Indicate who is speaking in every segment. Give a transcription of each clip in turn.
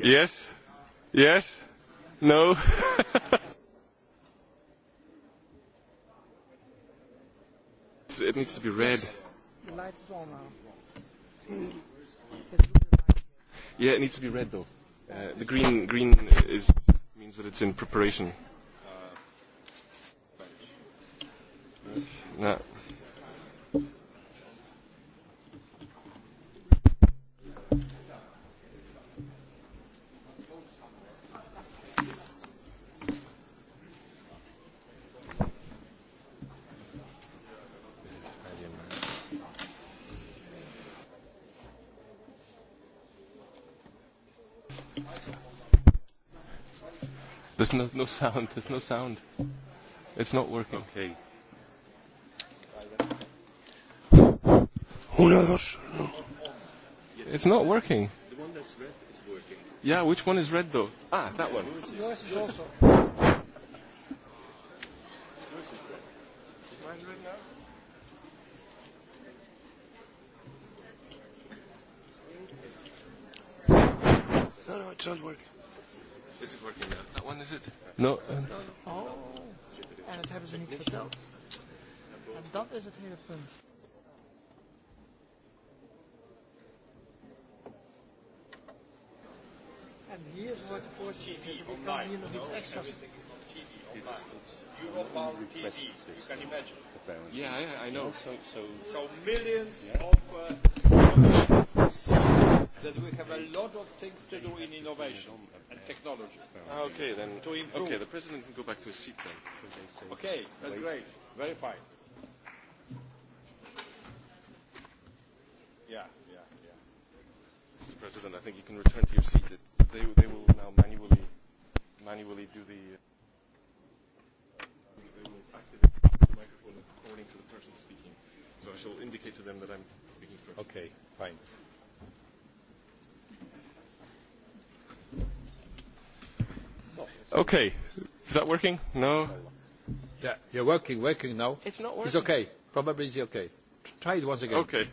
Speaker 1: Yes? Yes? No? it needs to be red. Yeah, it needs to be red though. the green green is means that it's in preparation. There's no, no sound. There's no sound. It's not working. Okay. Uno, dos. It's not working.
Speaker 2: The one that's red is working.
Speaker 1: Yeah, which one is red though? Ah, that one. Yours is
Speaker 2: also.
Speaker 3: It's not working. This is working now. That one is it? No. Oh. En dat hebben ze niet verteld. En dat is het
Speaker 4: hele punt. En hier wordt de voorzitter. Ik kan hier nog iets extra's. It's, it's Eurobound TV, you can imagine. Yeah, yeah, I know. So, so, so millions of. Uh, that we have a lot of things to do in innovation and technology. Okay, then. To improve. Okay, the
Speaker 1: President can go back to his seat then. Okay, that's great.
Speaker 4: Very fine. Yeah, yeah, yeah. Mr.
Speaker 1: President, I think you can return to your seat. They, they will now manually, manually do the... They will activate the microphone according to the person speaking. So I shall indicate to them that I'm speaking first. Okay, fine.
Speaker 4: Okay. Is that working? No? Yeah, you're working, working now. It's not working. It's okay. Probably it's okay. Try it once again. Okay.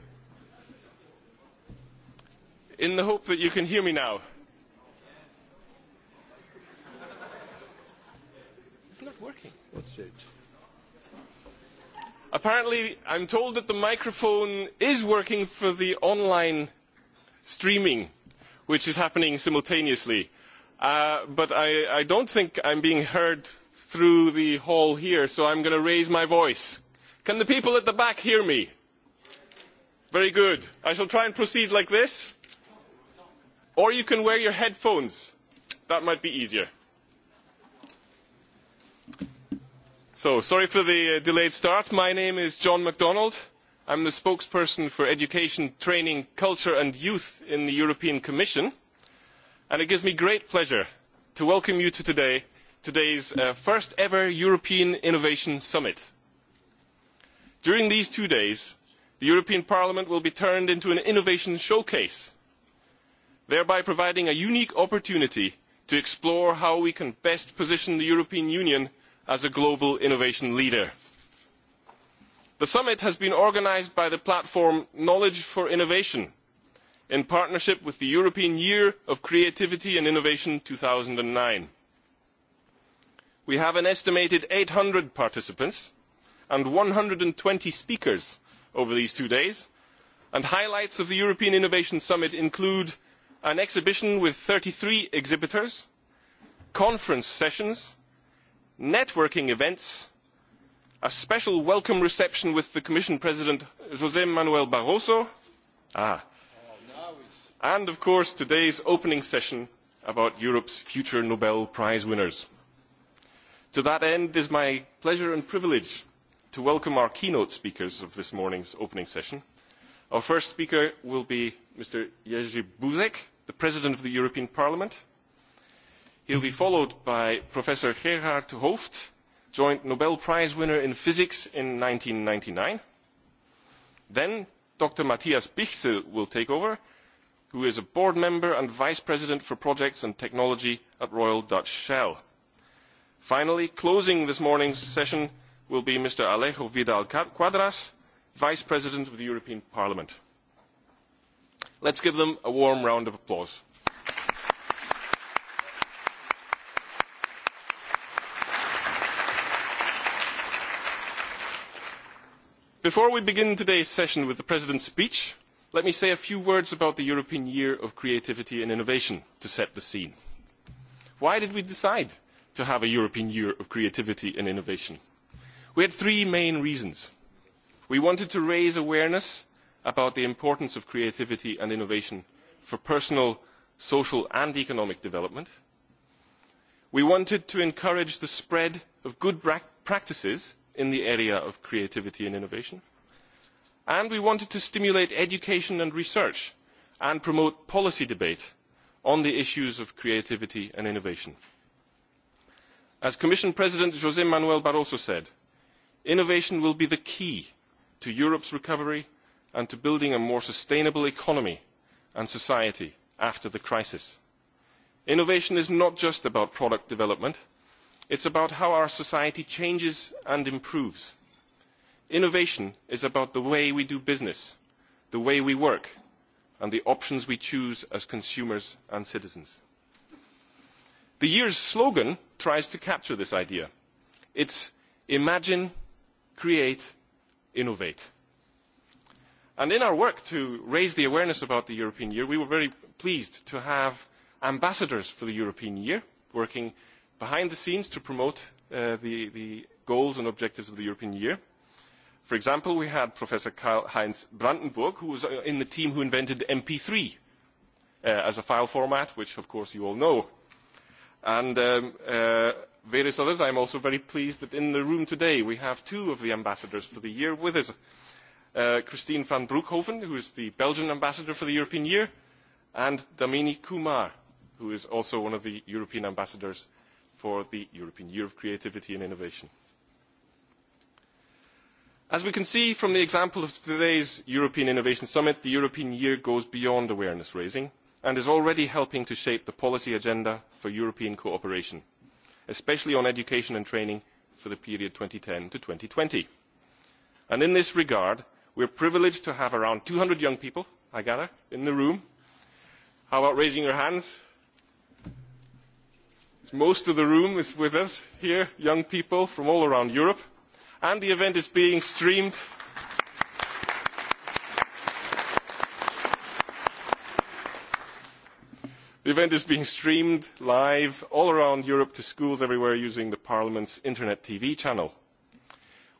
Speaker 4: In the
Speaker 1: hope that you can hear me now. It's not working. What's it? Apparently, I'm told that the microphone is working for the online streaming, which is happening simultaneously but I don't think I'm being heard through the hall here, so I'm going to raise my voice. Can the people at the back hear me? Very good. I shall try and proceed like this. Or you can wear your headphones. That might be easier. So, sorry for the delayed start. My name is John MacDonald. I'm the spokesperson for Education, Training, Culture and Youth in the European Commission and it gives me great pleasure to welcome you to today's first ever European Innovation Summit. During these two days, the European Parliament will be turned into an innovation showcase, thereby providing a unique opportunity to explore how we can best position the European Union as a global innovation leader. The summit has been organised by the platform Knowledge for Innovation in partnership with the European Year of Creativity and Innovation 2009. We have an estimated 800 participants and 120 speakers over these two days, and highlights of the European Innovation Summit include an exhibition with 33 exhibitors, conference sessions, networking events, a special welcome reception with the Commission President José Manuel Barroso, ah, and of course today's opening session about Europe's future Nobel Prize winners. To that end, it is my pleasure and privilege to welcome our keynote speakers of this morning's opening session. Our first speaker will be Mr. Jerzy Buzek, the President of the European Parliament. He will be followed by Professor Gerhard Hooft, joint Nobel Prize winner in physics in 1999. Then Dr. Matthias Bichsel will take over who is a board member and vice president for projects and technology at Royal Dutch Shell. Finally, closing this morning's session will be Mr. Alejo Vidal Quadras, vice president of the European Parliament. Let's give them a warm round of applause. Before we begin today's session with the President's speech, let me say a few words about the european year of creativity and innovation to set the scene. why did we decide to have a european year of creativity and innovation? we had three main reasons. we wanted to raise awareness about the importance of creativity and innovation for personal social and economic development. we wanted to encourage the spread of good practices in the area of creativity and innovation and we wanted to stimulate education and research and promote policy debate on the issues of creativity and innovation. as commission president José manuel barroso said innovation will be the key to europe's recovery and to building a more sustainable economy and society after the crisis. innovation is not just about product development it is about how our society changes and improves. Innovation is about the way we do business, the way we work, and the options we choose as consumers and citizens. The year's slogan tries to capture this idea. It's imagine, create, innovate. And in our work to raise the awareness about the European Year, we were very pleased to have ambassadors for the European Year working behind the scenes to promote the goals and objectives of the European Year. For example, we had Professor Karl-Heinz Brandenburg, who was in the team who invented MP3 as a file format, which, of course, you all know. And various others. I am also very pleased that in the room today we have two of the ambassadors for the year with us. Christine van Broekhoven, who is the Belgian ambassador for the European year, and Damini Kumar, who is also one of the European ambassadors for the European Year of Creativity and Innovation. As we can see from the example of today's European Innovation Summit, the European Year goes beyond awareness raising and is already helping to shape the policy agenda for European cooperation, especially on education and training for the period 2010 to 2020. And in this regard, we are privileged to have around 200 young people, I gather, in the room. How about raising your hands? Most of the room is with us here, young people from all around Europe and the event is being streamed The event is being streamed live all around Europe to schools everywhere using the Parliament's Internet TV channel.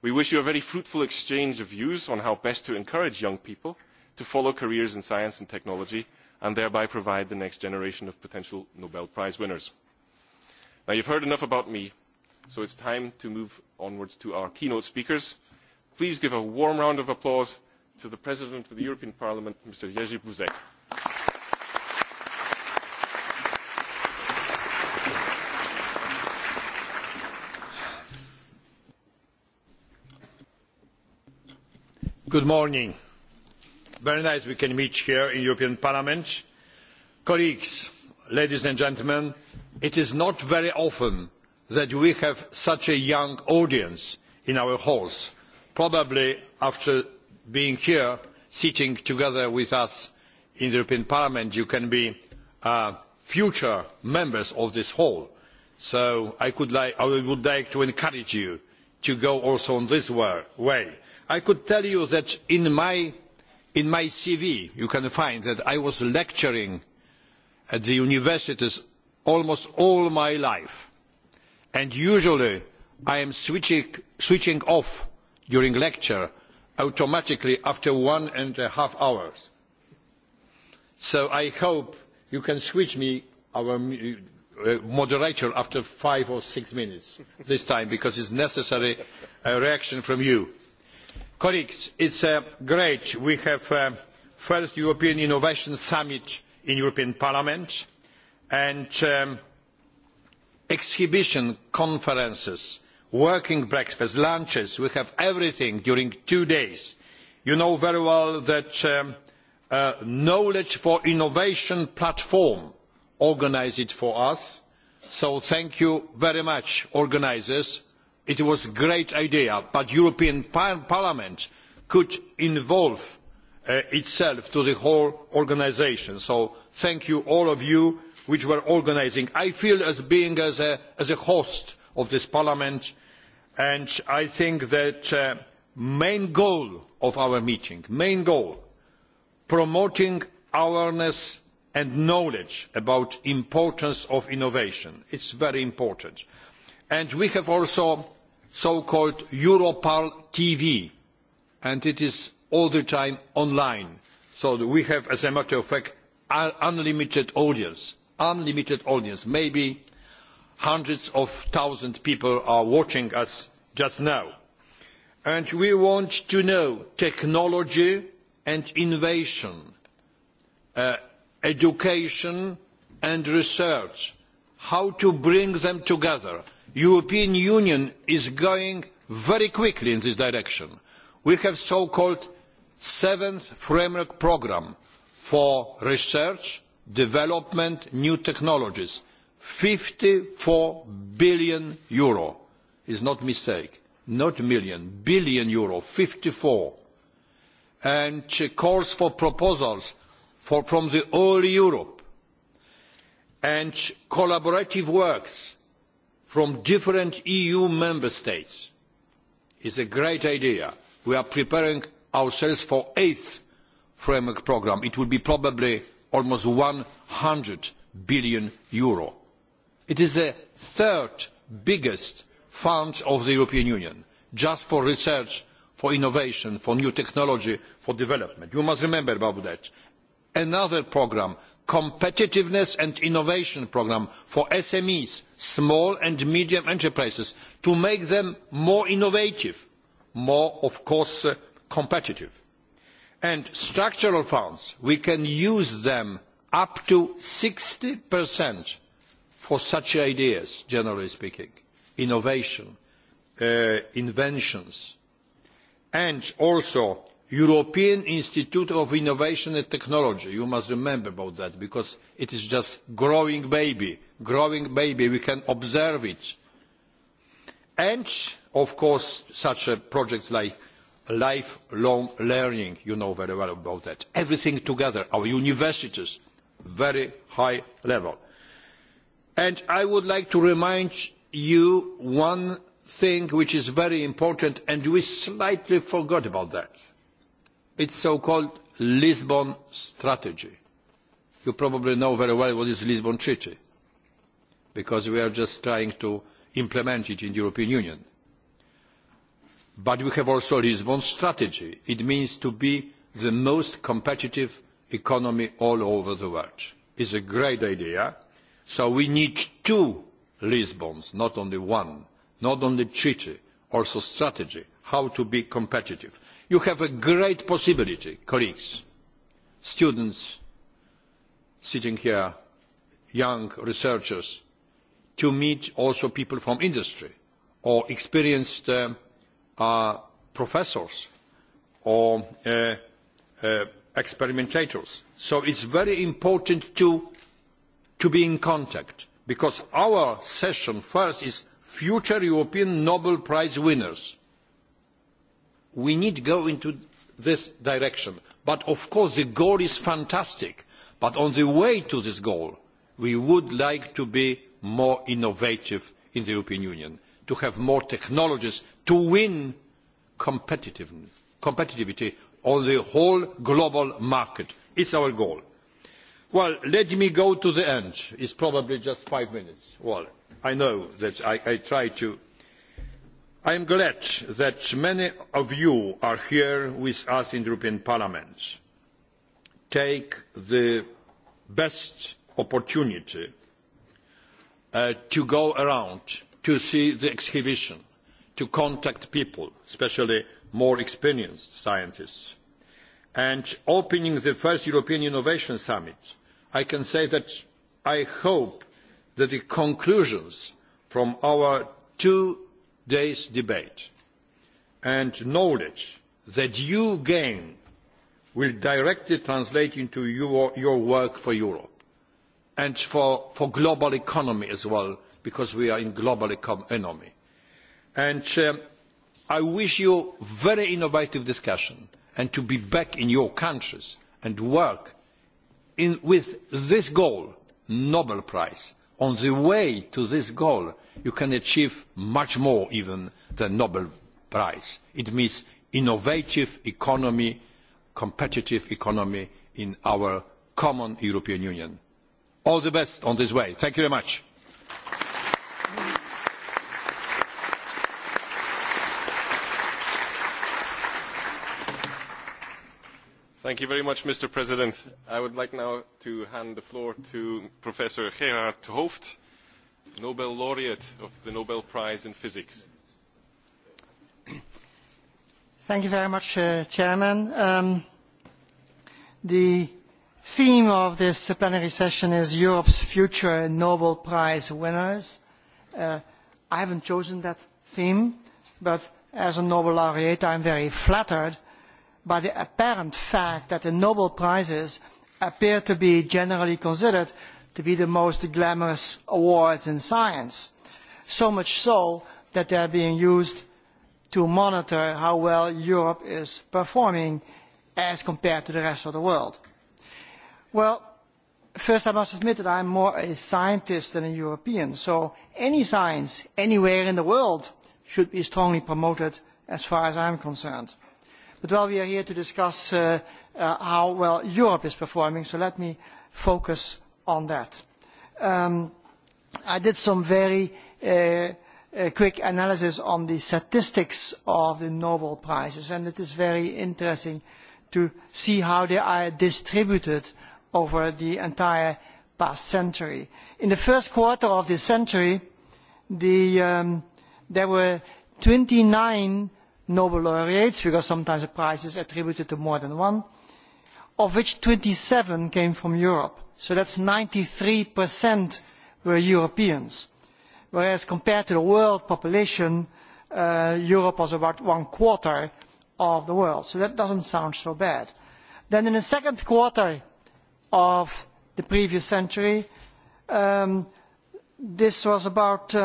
Speaker 1: We wish you a very fruitful exchange of views on how best to encourage young people to follow careers in science and technology and thereby provide the next generation of potential Nobel Prize winners. Now, you've heard enough about me. So it's time to move onwards to our keynote speakers. Please give a warm round of applause to the President of the European Parliament, Mr. Jerzy Buzek.
Speaker 4: Good morning. Very nice we can meet here in European Parliament. Colleagues, ladies and gentlemen, it is not very often that we have such a young audience in our halls, probably after being here, sitting together with us in the European Parliament, you can be future members of this hall. So I would like to encourage you to go also on this way. I could tell you that in my CV you can find that I was lecturing at the universities almost all my life and usually I am switching off during lecture automatically after one and a half hours. So I hope you can switch me, our moderator, after five or six minutes this time, because it's necessary a reaction from you. Colleagues, it's great. We have the first European Innovation Summit in European Parliament, and exhibition conferences working breakfasts lunches we have everything during two days. you know very well that the knowledge for innovation platform organised it for us so thank you very much organisers. it was a great idea but the european parliament could involve itself to the whole organisation so thank you all of you which were organising. I feel as being as a host of this Parliament and I think that the main goal of our meeting, main goal, promoting awareness and knowledge about the importance of innovation. It's very important. And we have also so-called EuroParl TV and it is all the time online. So we have, as a matter of fact, unlimited audience unlimited audience. Maybe hundreds of thousands of people are watching us just now. And we want to know technology and innovation, education and research, how to bring them together. The European Union is going very quickly in this direction. We have so-called seventh framework programme for research development, new technologies. 54 billion euro. Is not mistake. Not million. Billion euro. 54. And calls for proposals from the whole Europe. And collaborative works from different EU member states. Is a great idea. We are preparing ourselves for eighth framework programme. It will be probably almost 100 billion It is the third biggest fund of the European Union, just for research, for innovation, for new technology, for development. You must remember about that. Another programme, competitiveness and innovation programme for SMEs, small and medium enterprises, to make them more innovative, more, of course, competitive and structural funds we can use them up to 60% for such ideas generally speaking innovation inventions and also European Institute of Innovation and Technology you must remember about that because it is just growing baby growing baby we can observe it and of course such projects like lifelong learning, you know very well about that. Everything together, our universities, very high level. And I would like to remind you one thing which is very important and we slightly forgot about that. It's so-called Lisbon strategy. You probably know very well what is Lisbon treaty because we are just trying to implement it in the European Union. But we have also Lisbon strategy. It means to be the most competitive economy all over the world. It's a great idea. So we need two Lisbons, not only one, not only treaty, also strategy, how to be competitive. You have a great possibility, colleagues, students sitting here, young researchers, to meet also people from industry or experienced Are professors or experimentators. So it's very important to be in contact because our session first is future European Nobel Prize winners. We need to go into this direction. But of course the goal is fantastic. But on the way to this goal, we would like to be more innovative in the European Union to have more technologies to win competitivity on the whole global market. It's our goal. Well, let me go to the end. It's probably just five minutes. Well, I know that I try to. I am glad that many of you are here with us in the European Parliament. Take the best opportunity to go around to see the exhibition, to contact people, especially more experienced scientists. And opening the first European Innovation Summit, I can say that I hope that the conclusions from our two days' debate and knowledge that you gain will directly translate into your work for Europe and for the global economy as well because we are in global economy. And I wish you very innovative discussion and to be back in your countries and work with this goal, Nobel Prize. On the way to this goal, you can achieve much more even than Nobel Prize. It means innovative economy, competitive economy in our common European Union. All the best on this way. Thank you very much.
Speaker 1: Thank you very much, Mr. President. I would like now to hand the floor to Professor Gerhard Hooft, Nobel laureate of the Nobel Prize in Physics.
Speaker 5: Thank you very much, Chairman. The theme of this plenary session is Europe's future Nobel Prize winners. I haven't chosen that theme, but as a Nobel laureate, I'm very flattered by the apparent fact that the Nobel Prizes appear to be generally considered to be the most glamorous awards in science, so much so that they are being used to monitor how well Europe is performing as compared to the rest of the world. Well, first I must admit that I am more a scientist than a European, so any science anywhere in the world should be strongly promoted as far as I am concerned. But while we are here to discuss how well Europe is performing, so let me focus on that. I did some very quick analysis on the statistics of the Nobel Prizes, and it is very interesting to see how they are distributed over the entire past century. In the first quarter of this century, there were 29 Nobel laureates, because sometimes the prize is attributed to more than one, of which 27 came from Europe. So that's 93% were Europeans, whereas compared to the world population, Europe was about one quarter of the world. So that doesn't sound so bad. Then in the second quarter of the previous century, this was about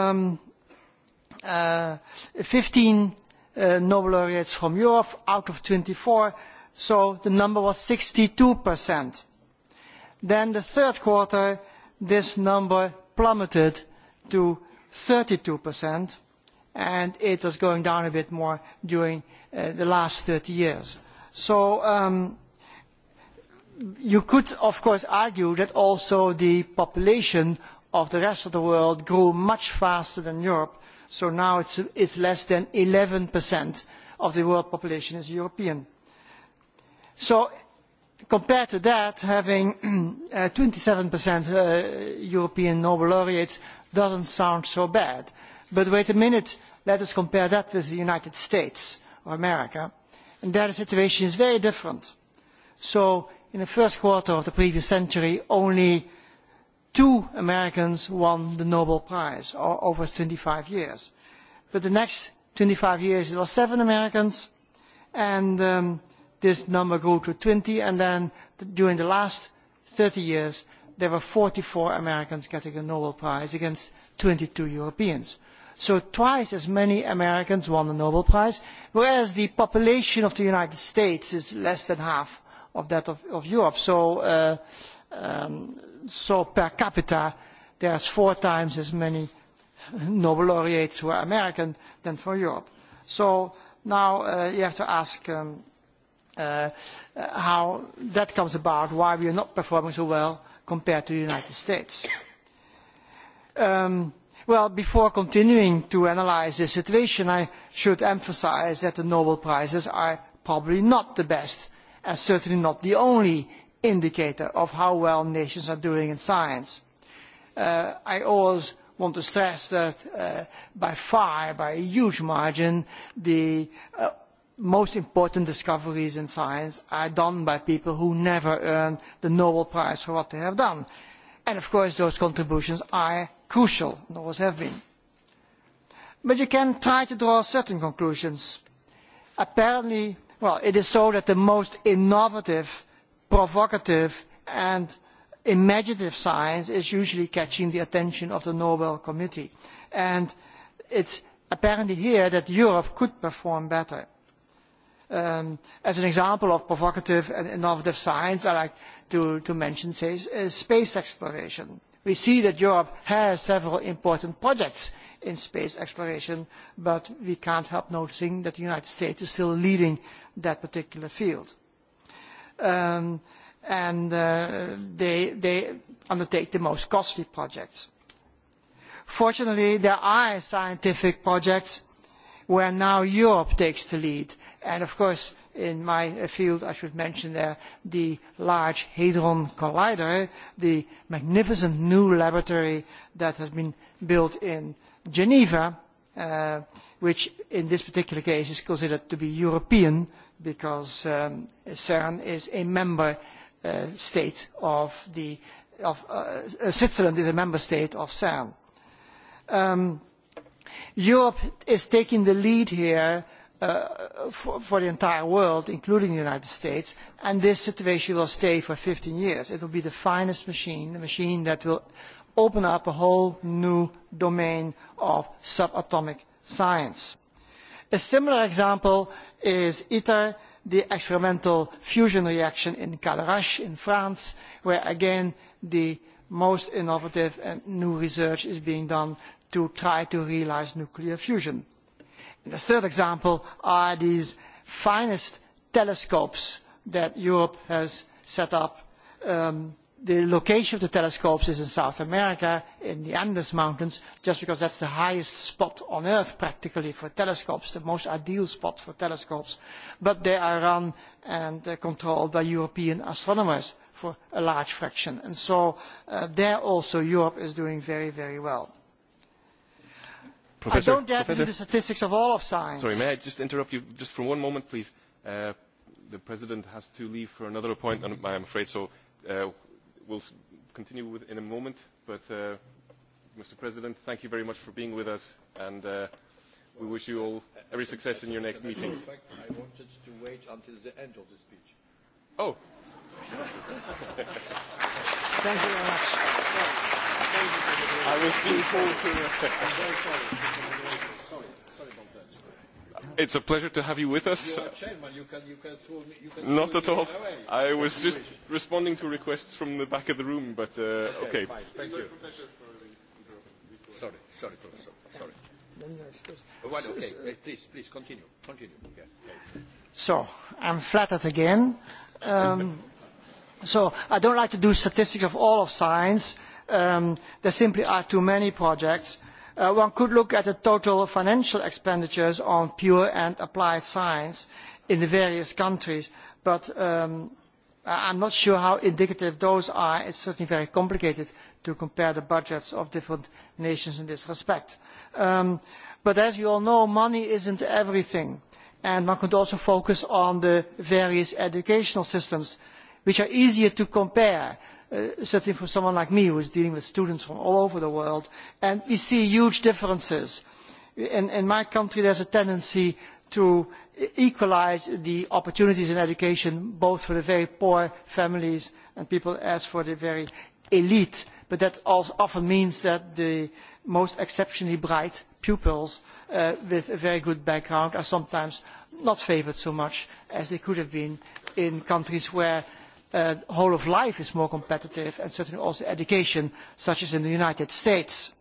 Speaker 5: 15 Nobel laureates from Europe out of twenty four, so the number was sixty two Then the third quarter, this number plummeted to thirty two and it was going down a bit more during the last thirty years. So you could, of course, argue that also the population of the rest of the world grew much faster than Europe so now it's less than 11% of the world population is European. So compared to that, having twenty 27% European Nobel laureates doesn't sound so bad. But wait a minute, let us compare that with the United States of America, and there the situation is very different. So in the first quarter of the previous century, only two Americans won the Nobel Prize over 25 years. But the next 25 years it was seven Americans, and this number grew to 20, and then during the last 30 years there were 44 Americans getting a Nobel Prize against 22 Europeans. So twice as many Americans won the Nobel Prize, whereas the population of the United States is less than half of that of Europe. So so per capita there are four times as many Nobel laureates who are American than for Europe. So now you have to ask how that comes about, why we are not performing so well compared to the United States. Well, before continuing to analyse the situation, I should emphasise that the Nobel Prizes are probably not the best and certainly not the only indicator of how well nations are doing in science. I always want to stress that by far, by a huge margin, the most important discoveries in science are done by people who never earned the Nobel Prize for what they have done. And of course those contributions are crucial and always have been. But you can try to draw certain conclusions. Apparently, well, it is so that the most innovative provocative and imaginative science is usually catching the attention of the Nobel Committee. And it's apparently here that Europe could perform better. As an example of provocative and innovative science, I like to mention space exploration. We see that Europe has several important projects in space exploration, but we can't help noticing that the United States is still leading that particular field and they undertake the most costly projects. Fortunately, there are scientific projects where now Europe takes the lead. And of course, in my field, I should mention there the Large Hadron Collider, the magnificent new laboratory that has been built in Geneva, which in this particular case is considered to be European because CERN is a member state of the Switzerland is a member state of CERN. Europe is taking the lead here for the entire world, including the United States, and this situation will stay for 15 years. It will be the finest machine, a machine that will open up a whole new domain of subatomic science. A similar example is ITER, the experimental fusion reaction in Calarache in France, where again the most innovative and new research is being done to try to realise nuclear fusion. The third example are these finest telescopes that Europe has set up the location of the telescopes is in South America, in the Andes Mountains, just because that's the highest spot on Earth practically for telescopes, the most ideal spot for telescopes. But they are run and controlled by European astronomers for a large fraction. And so there also Europe is doing very, very well. I don't dare to do the statistics of all of science. Sorry, may
Speaker 1: I just interrupt you just for one moment, please? The President has to leave for another appointment, I'm afraid, so will continue with in a moment. But, Mr. President, thank you very much for being with us, and we wish you all every success in your next meetings. I
Speaker 4: wanted to wait until the end of the speech.
Speaker 1: Oh. Thank you very much.
Speaker 3: I
Speaker 4: was looking forward to
Speaker 6: It's
Speaker 1: a pleasure to have you with us.
Speaker 4: Not at all. I was just
Speaker 1: responding to requests from the back of the room, but okay.
Speaker 4: Thank you. Sorry, sorry, Professor. Sorry. Okay, please, please continue. Continue.
Speaker 5: So, I'm flattered again. So, I don't like to do statistics of all of science. Um There simply are too many projects One could look at the total financial expenditures on pure and applied science in the various countries, but I am not sure how indicative those are. It is certainly very complicated to compare the budgets of different nations in this respect. But as you all know, money is not everything, and one could also focus on the various educational systems, which are easier to compare certainly for someone like me who is dealing with students from all over the world, and we see huge differences. In my country, there is a tendency to equalise the opportunities in education, both for the very poor families and people as for the very elite, but that often means that the most exceptionally bright pupils with a very good background are sometimes not favoured so much as they could have been in countries where whole of life is more competitive and certainly also education such as in the United States.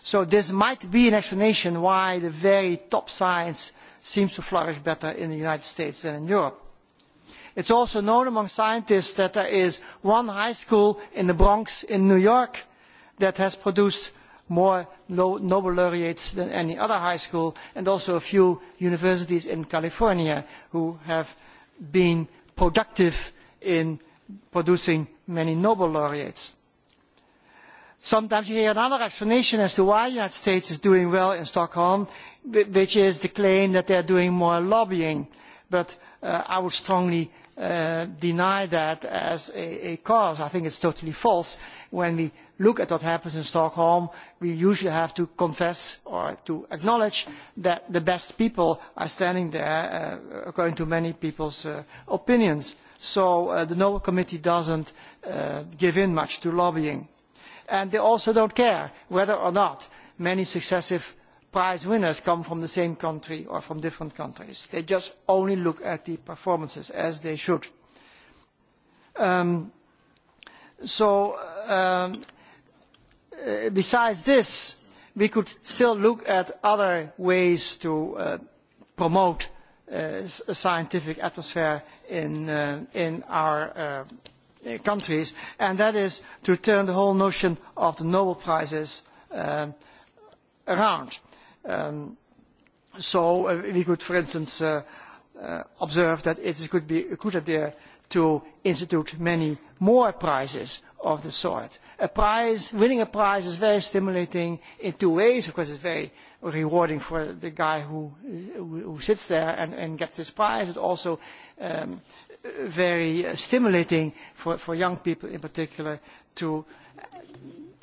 Speaker 5: So this might be an explanation why the very top science seems to flourish better in the United States than in Europe. It's also known among scientists that there is one high school in the Bronx in New York that has produced more Nobel laureates than any other high school and also a few universities in California who have been productive in producing many Nobel laureates. Sometimes you hear another explanation as to why the United States is doing well in Stockholm, which is the claim that they are doing more lobbying. But I would strongly deny that as a cause. I think it's totally false. When we look at what happens in Stockholm, we usually have to confess or to acknowledge that the best people are standing there, according to many people's opinions so the Nobel Committee does not give in much to lobbying. And they also not care whether or not many successive prize winners come from the same country or from different countries. They just only look at the performances, as they should. So, besides this, we could still look at other ways to promote scientific atmosphere in our countries, and that is to turn the whole notion of the Nobel Prizes around. So we could, for instance, observe that it could be a good idea to institute many more prizes of the sort a prize, winning a prize is very stimulating in two ways. Of course, it's very rewarding for the guy who, who sits there and, and gets this prize. It's also very stimulating for, for young people in particular to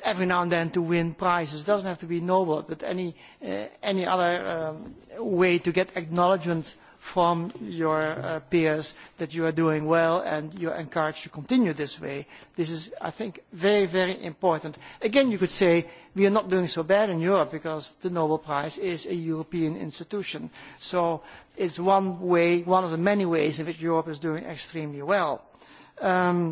Speaker 5: every now and then to win prizes. It doesn't have to be noble, but any, uh, any other um, way to get acknowledgement from your peers that you are doing well and you are encouraged to continue this way. This is, I think, very, very important. Again, you could say we are not doing so bad in Europe because the Nobel Prize is a European institution. So it's one way, one of the many ways in which Europe is doing extremely well. So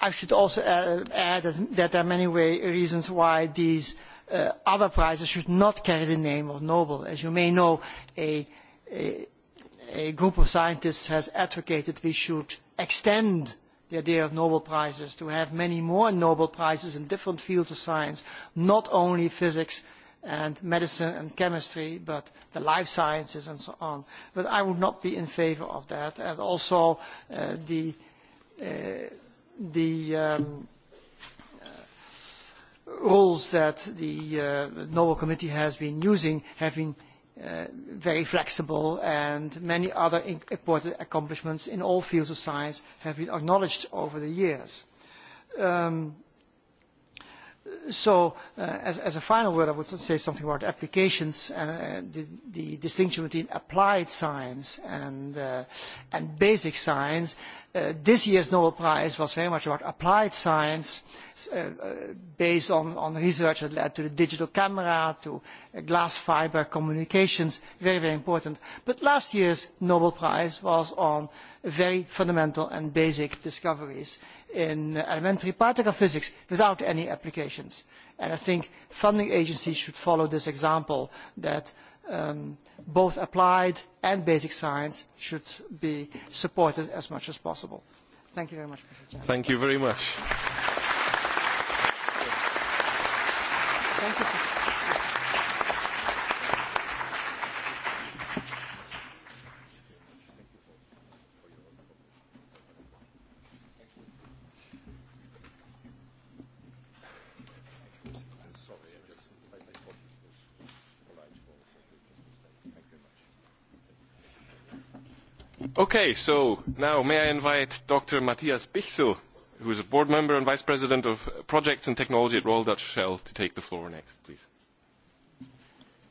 Speaker 5: I should also add that there are many reasons why these other prizes should not carry the name of Nobel. As you may know, a group of scientists has advocated we should extend the idea of Nobel Prizes to have many more Nobel Prizes in different fields of science, not only physics and medicine and chemistry, but the life sciences and so on. But I would not be in favour of that. And also the rules that the Nobel Committee has been using have been very flexible and many other important accomplishments in all fields of science have been acknowledged over the years. So, as a final word, I would say something about applications and the distinction between applied science and basic science. This year's Nobel Prize was very much about applied science, based on research that led to the digital camera, to glass fiber communications, very, very important. But last year's Nobel Prize was on very fundamental and basic discoveries in elementary particle physics without any applications. And I think funding agencies should follow this example that both applied and basic science should be supported as much as possible. Thank you very much.
Speaker 1: Thank you very much. Okay, so now may I invite Dr. Matthias Bichsel, who is a board member and vice president of projects and technology at Royal Dutch Shell, to take the floor next, please.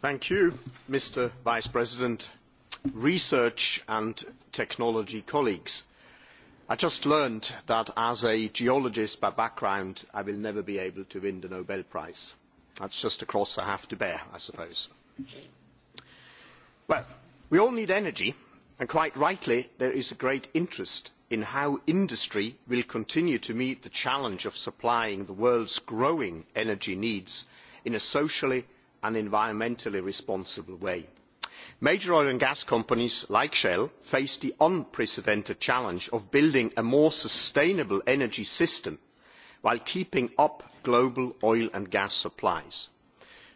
Speaker 7: Thank you, Mr. Vice President, research and technology colleagues. I just learned that as a geologist by background, I will never be able to win the Nobel Prize. That's just a cross I have to bear, I suppose. Well, we all need energy quite rightly there is a great interest in how industry will continue to meet the challenge of supplying the world's growing energy needs in a socially and environmentally responsible way. Major oil and gas companies like Shell face the unprecedented challenge of building a more sustainable energy system while keeping up global oil and gas supplies.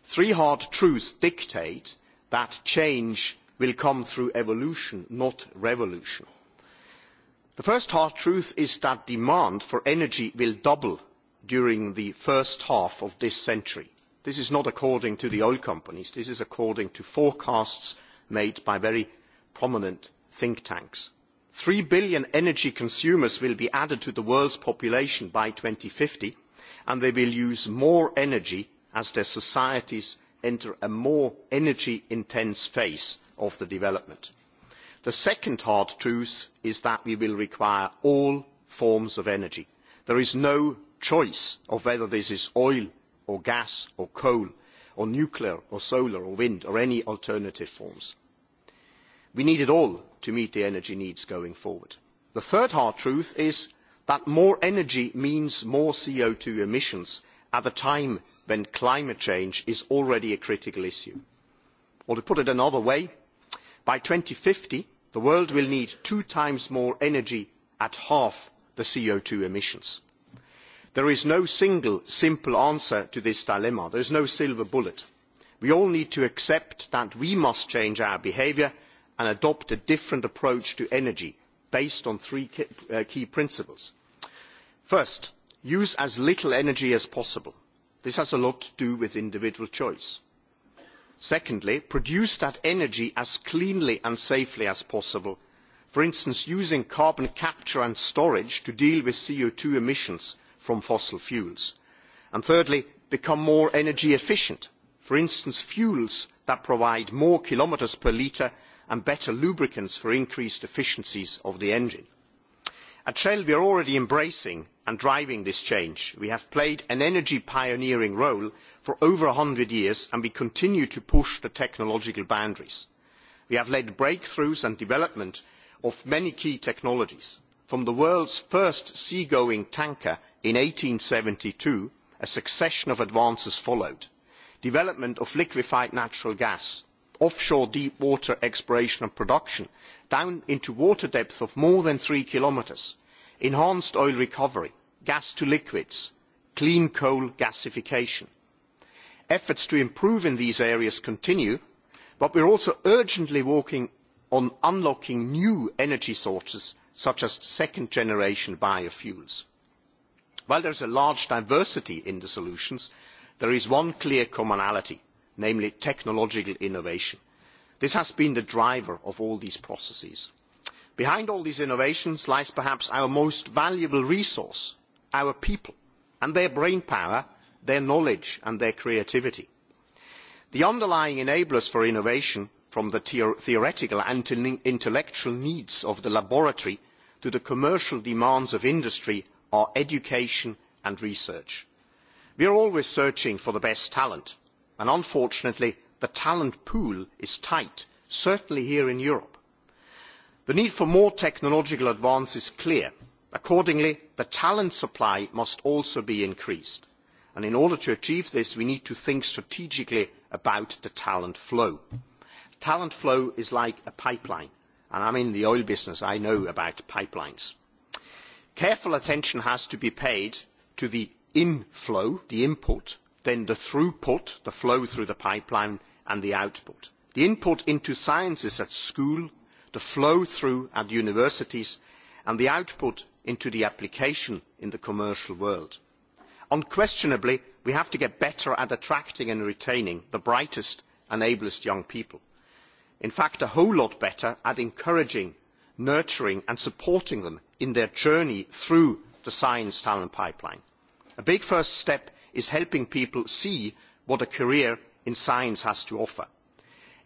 Speaker 7: Three hard truths dictate that change will come through evolution, not revolution. The first hard truth is that demand for energy will double during the first half of this century. This is not according to the oil companies. This is according to forecasts made by very prominent think tanks. Three billion energy consumers will be added to the world's population by 2050, and they will use more energy as their societies enter a more energy-intense phase of the development. The second hard truth is that we will require all forms of energy. There is no choice of whether this is oil or gas or coal or nuclear or solar or wind or any alternative forms. We need it all to meet the energy needs going forward. The third hard truth is that more energy means more CO2 emissions at a time when climate change is already a critical issue. Or to put it another way, By 2050, the world will need two times more energy at half the CO2 emissions. There is no single simple answer to this dilemma. There is no silver bullet. We all need to accept that we must change our behaviour and adopt a different approach to energy based on three key principles. First, use as little energy as possible. This has a lot to do with individual choice. Secondly, produce that energy as cleanly and safely as possible, for instance using carbon capture and storage to deal with CO2 emissions from fossil fuels. And thirdly, become more energy efficient, for instance fuels that provide more kilometres per litre and better lubricants for increased efficiencies of the engine. At Shell, we are already embracing and driving this change. We have played an energy pioneering role for over hundred years, and we continue to push the technological boundaries. We have led breakthroughs and development of many key technologies, from the world's first seagoing tanker in seventy two, a succession of advances followed. Development of liquefied natural gas, offshore deep water exploration and production down into water depths of more than three kilometres, enhanced oil recovery, gas to liquids, clean coal gasification. Efforts to improve in these areas continue, but we are also urgently working on unlocking new energy sources such as second generation biofuels. While there is a large diversity in the solutions, there is one clear commonality namely technological innovation. This has been the driver of all these processes. Behind all these innovations lies perhaps our most valuable resource, our people, and their brain power, their knowledge and their creativity. The underlying enablers for innovation, from the theoretical and intellectual needs of the laboratory to the commercial demands of industry, are education and research. We are always searching for the best talent and unfortunately the talent pool is tight certainly here in europe. the need for more technological advance is clear. accordingly the talent supply must also be increased and in order to achieve this we need to think strategically about the talent flow. talent flow is like a pipeline and i am in the oil business i know about pipelines. careful attention has to be paid to the inflow the input then the throughput, the flow through the pipeline, and the output. The input into sciences at school, the flow through at universities, and the output into the application in the commercial world. Unquestionably, we have to get better at attracting and retaining the brightest and ablest young people. In fact, a whole lot better at encouraging, nurturing and supporting them in their journey through the science talent pipeline. A big first step is helping people see what a career in science has to offer.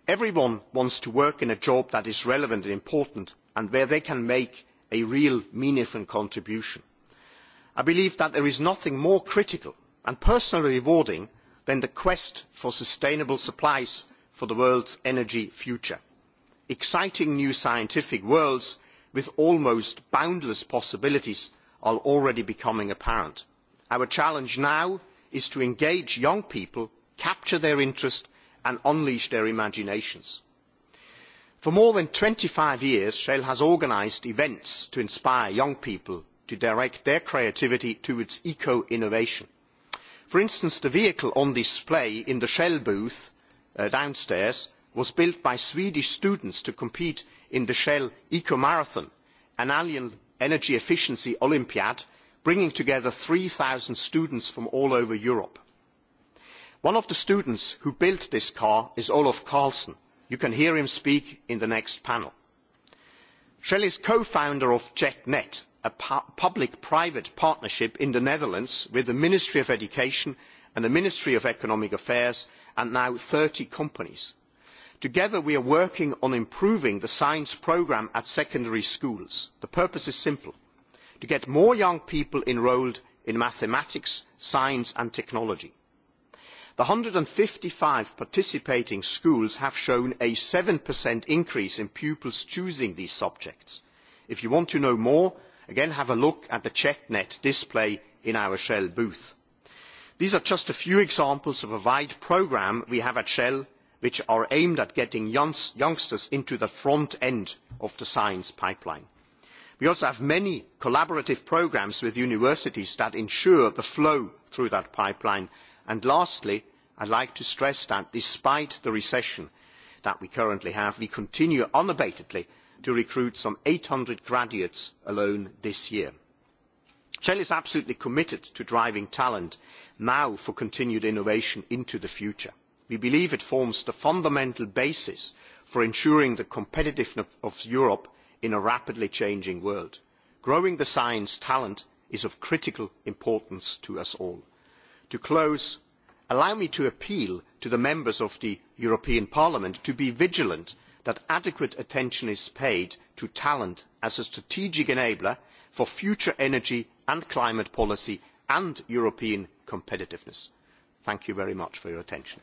Speaker 7: Everyone wants to work in a job that is relevant and important and where they can make a real meaningful contribution. I believe that there is nothing more critical and personally rewarding than the quest for sustainable supplies for the world's energy future. Exciting new scientific worlds with almost boundless possibilities are already becoming apparent. Our challenge now is to engage young people, capture their interest and unleash their imaginations. For more than 25 years, Shell has organised events to inspire young people to direct their creativity towards eco-innovation. For instance, the vehicle on display in the Shell booth downstairs was built by Swedish students to compete in the Shell Eco Marathon, an alien energy efficiency Olympiad bringing together 3,000 students from all over Europe. One of the students who built this car is Olaf Carlson. You can hear him speak in the next panel. Shell is co-founder of JetNet, a public-private partnership in the Netherlands with the Ministry of Education and the Ministry of Economic Affairs and now 30 companies. Together we are working on improving the science programme at secondary schools. The purpose is simple to get more young people enrolled in mathematics, science and technology. The 155 participating schools have shown a 7% increase in pupils choosing these subjects. If you want to know more, again have a look at the CheckNet display in our Shell booth. These are just a few examples of a wide programme we have at Shell which are aimed at getting youngsters into the front end of the science pipeline. We also have many collaborative programmes with universities that ensure the flow through that pipeline. And lastly, would like to stress that despite the recession that we currently have, we continue unabatedly to recruit some 800 graduates alone this year. Shell is absolutely committed to driving talent now for continued innovation into the future. We believe it forms the fundamental basis for ensuring the competitiveness of Europe in a rapidly changing world. Growing the science talent is of critical importance to us all. To close, allow me to appeal to the members of the European Parliament to be vigilant that adequate attention is paid to talent as a strategic enabler for future energy and climate policy and European competitiveness. Thank you very much for your attention.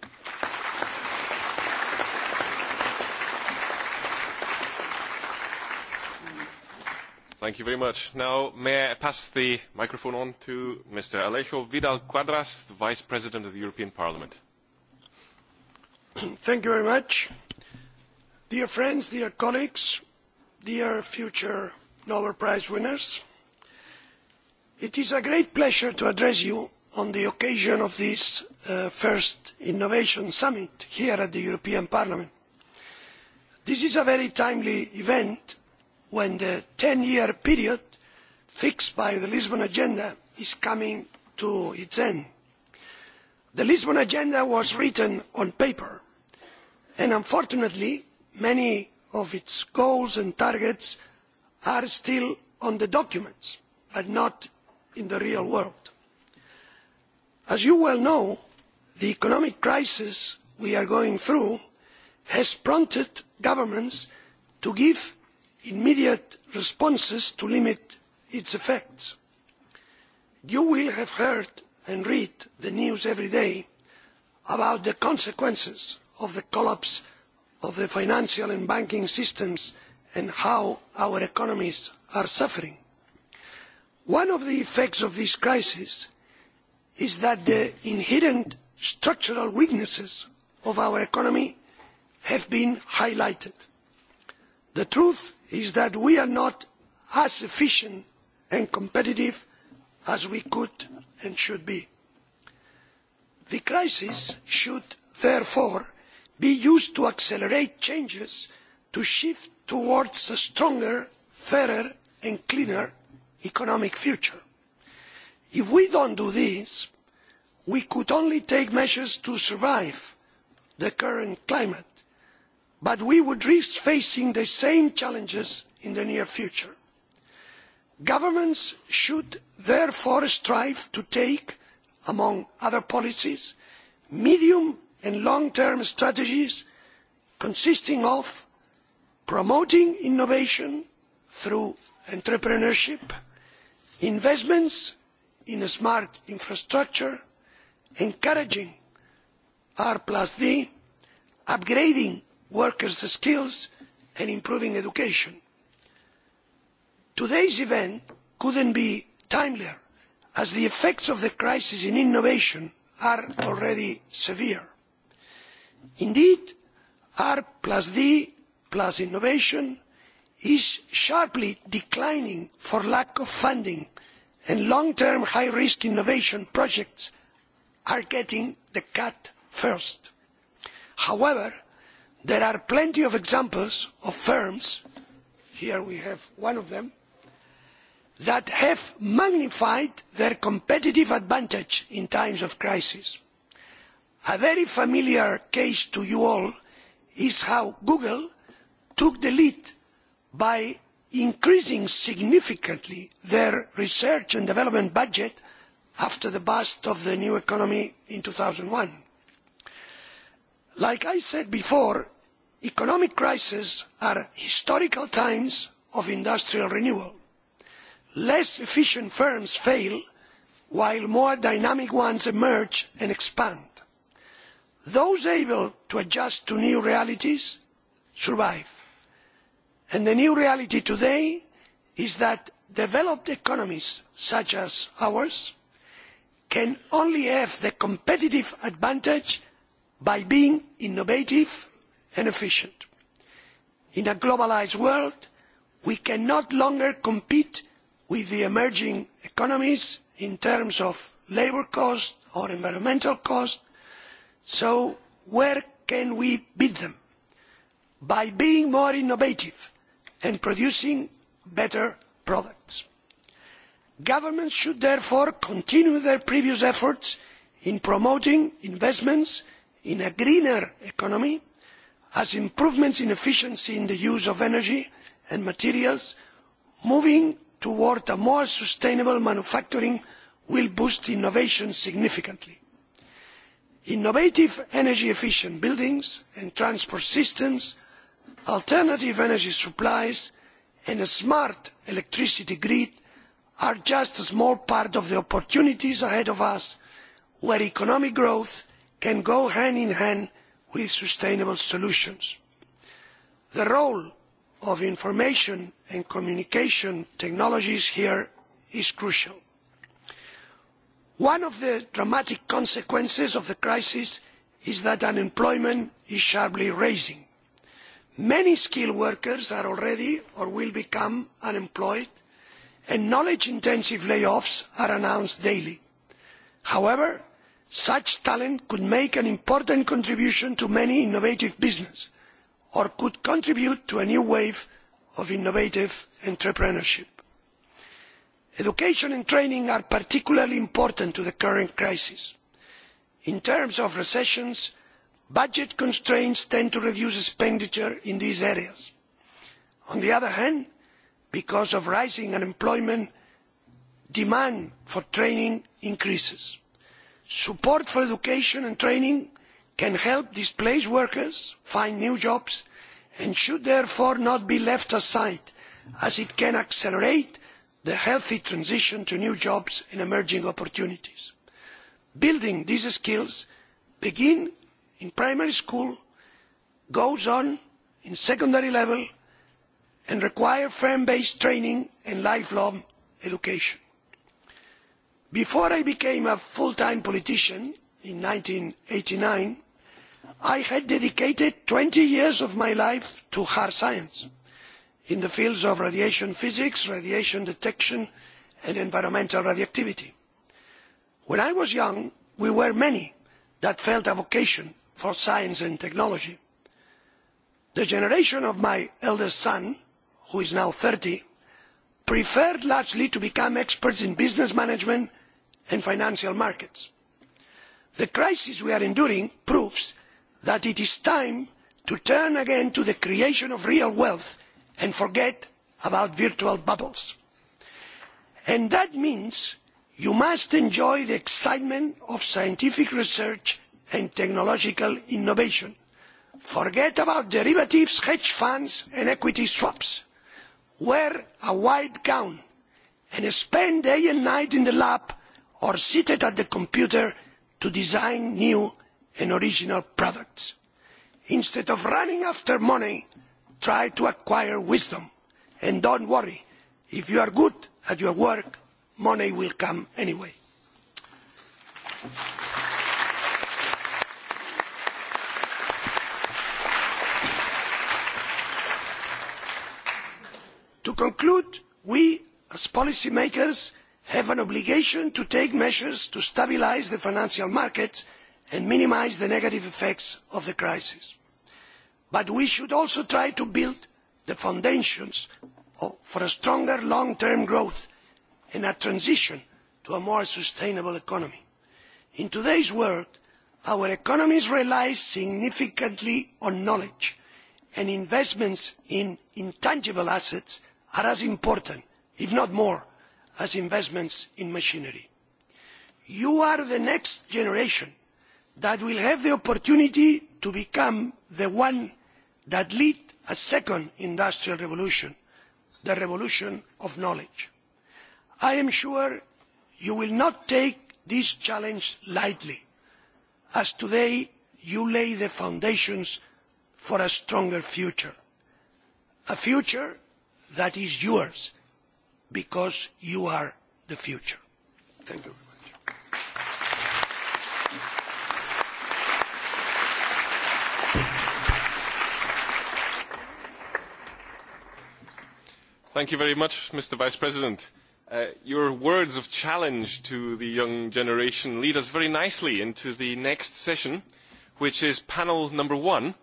Speaker 7: Thank
Speaker 1: you very much. Now, may I pass the microphone on to Mr. Alejo Vidal-Quadras, the Vice President of the European Parliament.
Speaker 3: Thank you very much. Dear friends, dear colleagues, dear future Nobel Prize winners, it is a great pleasure to address you on the occasion of this first Innovation Summit here at the European Parliament. This is a very timely event when the ten year period fixed by the lisbon agenda is coming to its end. the lisbon agenda was written on paper and unfortunately many of its goals and targets are still on the documents but not in the real world. as you well know the economic crisis we are going through has prompted governments to give immediate responses to limit its effects. you will have heard and read the news every day about the consequences of the collapse of the financial and banking systems and how our economies are suffering. one of the effects of this crisis is that the inherent structural weaknesses of our economy have been highlighted the truth is that we are not as efficient and competitive as we could and should be. the crisis should therefore be used to accelerate changes to shift towards a stronger fairer and cleaner economic future. if we do not do this we could only take measures to survive the current climate but we would risk facing the same challenges in the near future. governments should therefore strive to take among other policies medium and long term strategies consisting of promoting innovation through entrepreneurship investments in smart infrastructure encouraging r d upgrading workers' skills and improving education. Today's event couldn't be timelier, as the effects of the crisis in innovation are already severe. Indeed, R D plus innovation is sharply declining for lack of funding and long term high risk innovation projects are getting the cut first. However, there are plenty of examples of firms here we have one of them that have magnified their competitive advantage in times of crisis. a very familiar case to you all is how google took the lead by increasing significantly their research and development budget after the bust of the new economy in. two thousand one like i said before economic crises are historical times of industrial renewal. less efficient firms fail while more dynamic ones emerge and expand. those able to adjust to new realities survive and the new reality today is that developed economies such as ours can only have the competitive advantage by being innovative and efficient. in a globalised world we can no longer compete with the emerging economies in terms of labour cost or environmental cost, so where can we beat them? by being more innovative and producing better products. governments should therefore continue their previous efforts in promoting investments in a greener economy as improvements in efficiency in the use of energy and materials moving toward a more sustainable manufacturing will boost innovation significantly. innovative energy efficient buildings and transport systems alternative energy supplies and a smart electricity grid are just a small part of the opportunities ahead of us where economic growth can go hand in hand with sustainable solutions. The role of information and communication technologies here is crucial. One of the dramatic consequences of the crisis is that unemployment is sharply rising. Many skilled workers are already or will become unemployed and knowledge intensive layoffs are announced daily. However, Such talent could make an important contribution to many innovative businesses or could contribute to a new wave of innovative entrepreneurship. Education and training are particularly important to the current crisis. In terms of recessions, budget constraints tend to reduce expenditure in these areas. On the other hand, because of rising unemployment, demand for training increases support for education and training can help displaced workers find new jobs and should therefore not be left aside as it can accelerate the healthy transition to new jobs and emerging opportunities. building these skills begins in primary school goes on at secondary level and requires firm based training and lifelong education. Before I became a full time politician in 1989, I had dedicated 20 years of my life to hard science in the fields of radiation physics, radiation detection and environmental radioactivity. When I was young, we were many that felt a vocation for science and technology. The generation of my eldest son, who is now 30, preferred largely to become experts in business management and financial markets. the crisis we are enduring proves that it is time to turn again to the creation of real wealth and forget about virtual bubbles. and that means you must enjoy the excitement of scientific research and technological innovation. forget about derivatives hedge funds and equity swaps. wear a white gown and spend day and night in the lab or seated at the computer to design new and original products. Instead of running after money, try to acquire wisdom. And don't worry, if you are good at your work, money will come anyway. To conclude, we as policymakers have an obligation to take measures to stabilise the financial markets and minimise the negative effects of the crisis. But we should also try to build the foundations for a stronger long term growth and a transition to a more sustainable economy. In today's world, our economies rely significantly on knowledge, and investments in intangible assets are as important, if not more as investments in machinery. You are the next generation that will have the opportunity to become the one that leads a second industrial revolution, the revolution of knowledge. I am sure you will not take this challenge lightly, as today you lay the foundations for a stronger future, a future that is yours because you are the future. Thank you very much.
Speaker 1: Thank you very much, Mr. Vice President. Your words of challenge to the young generation lead us very nicely into the next session, which is panel number one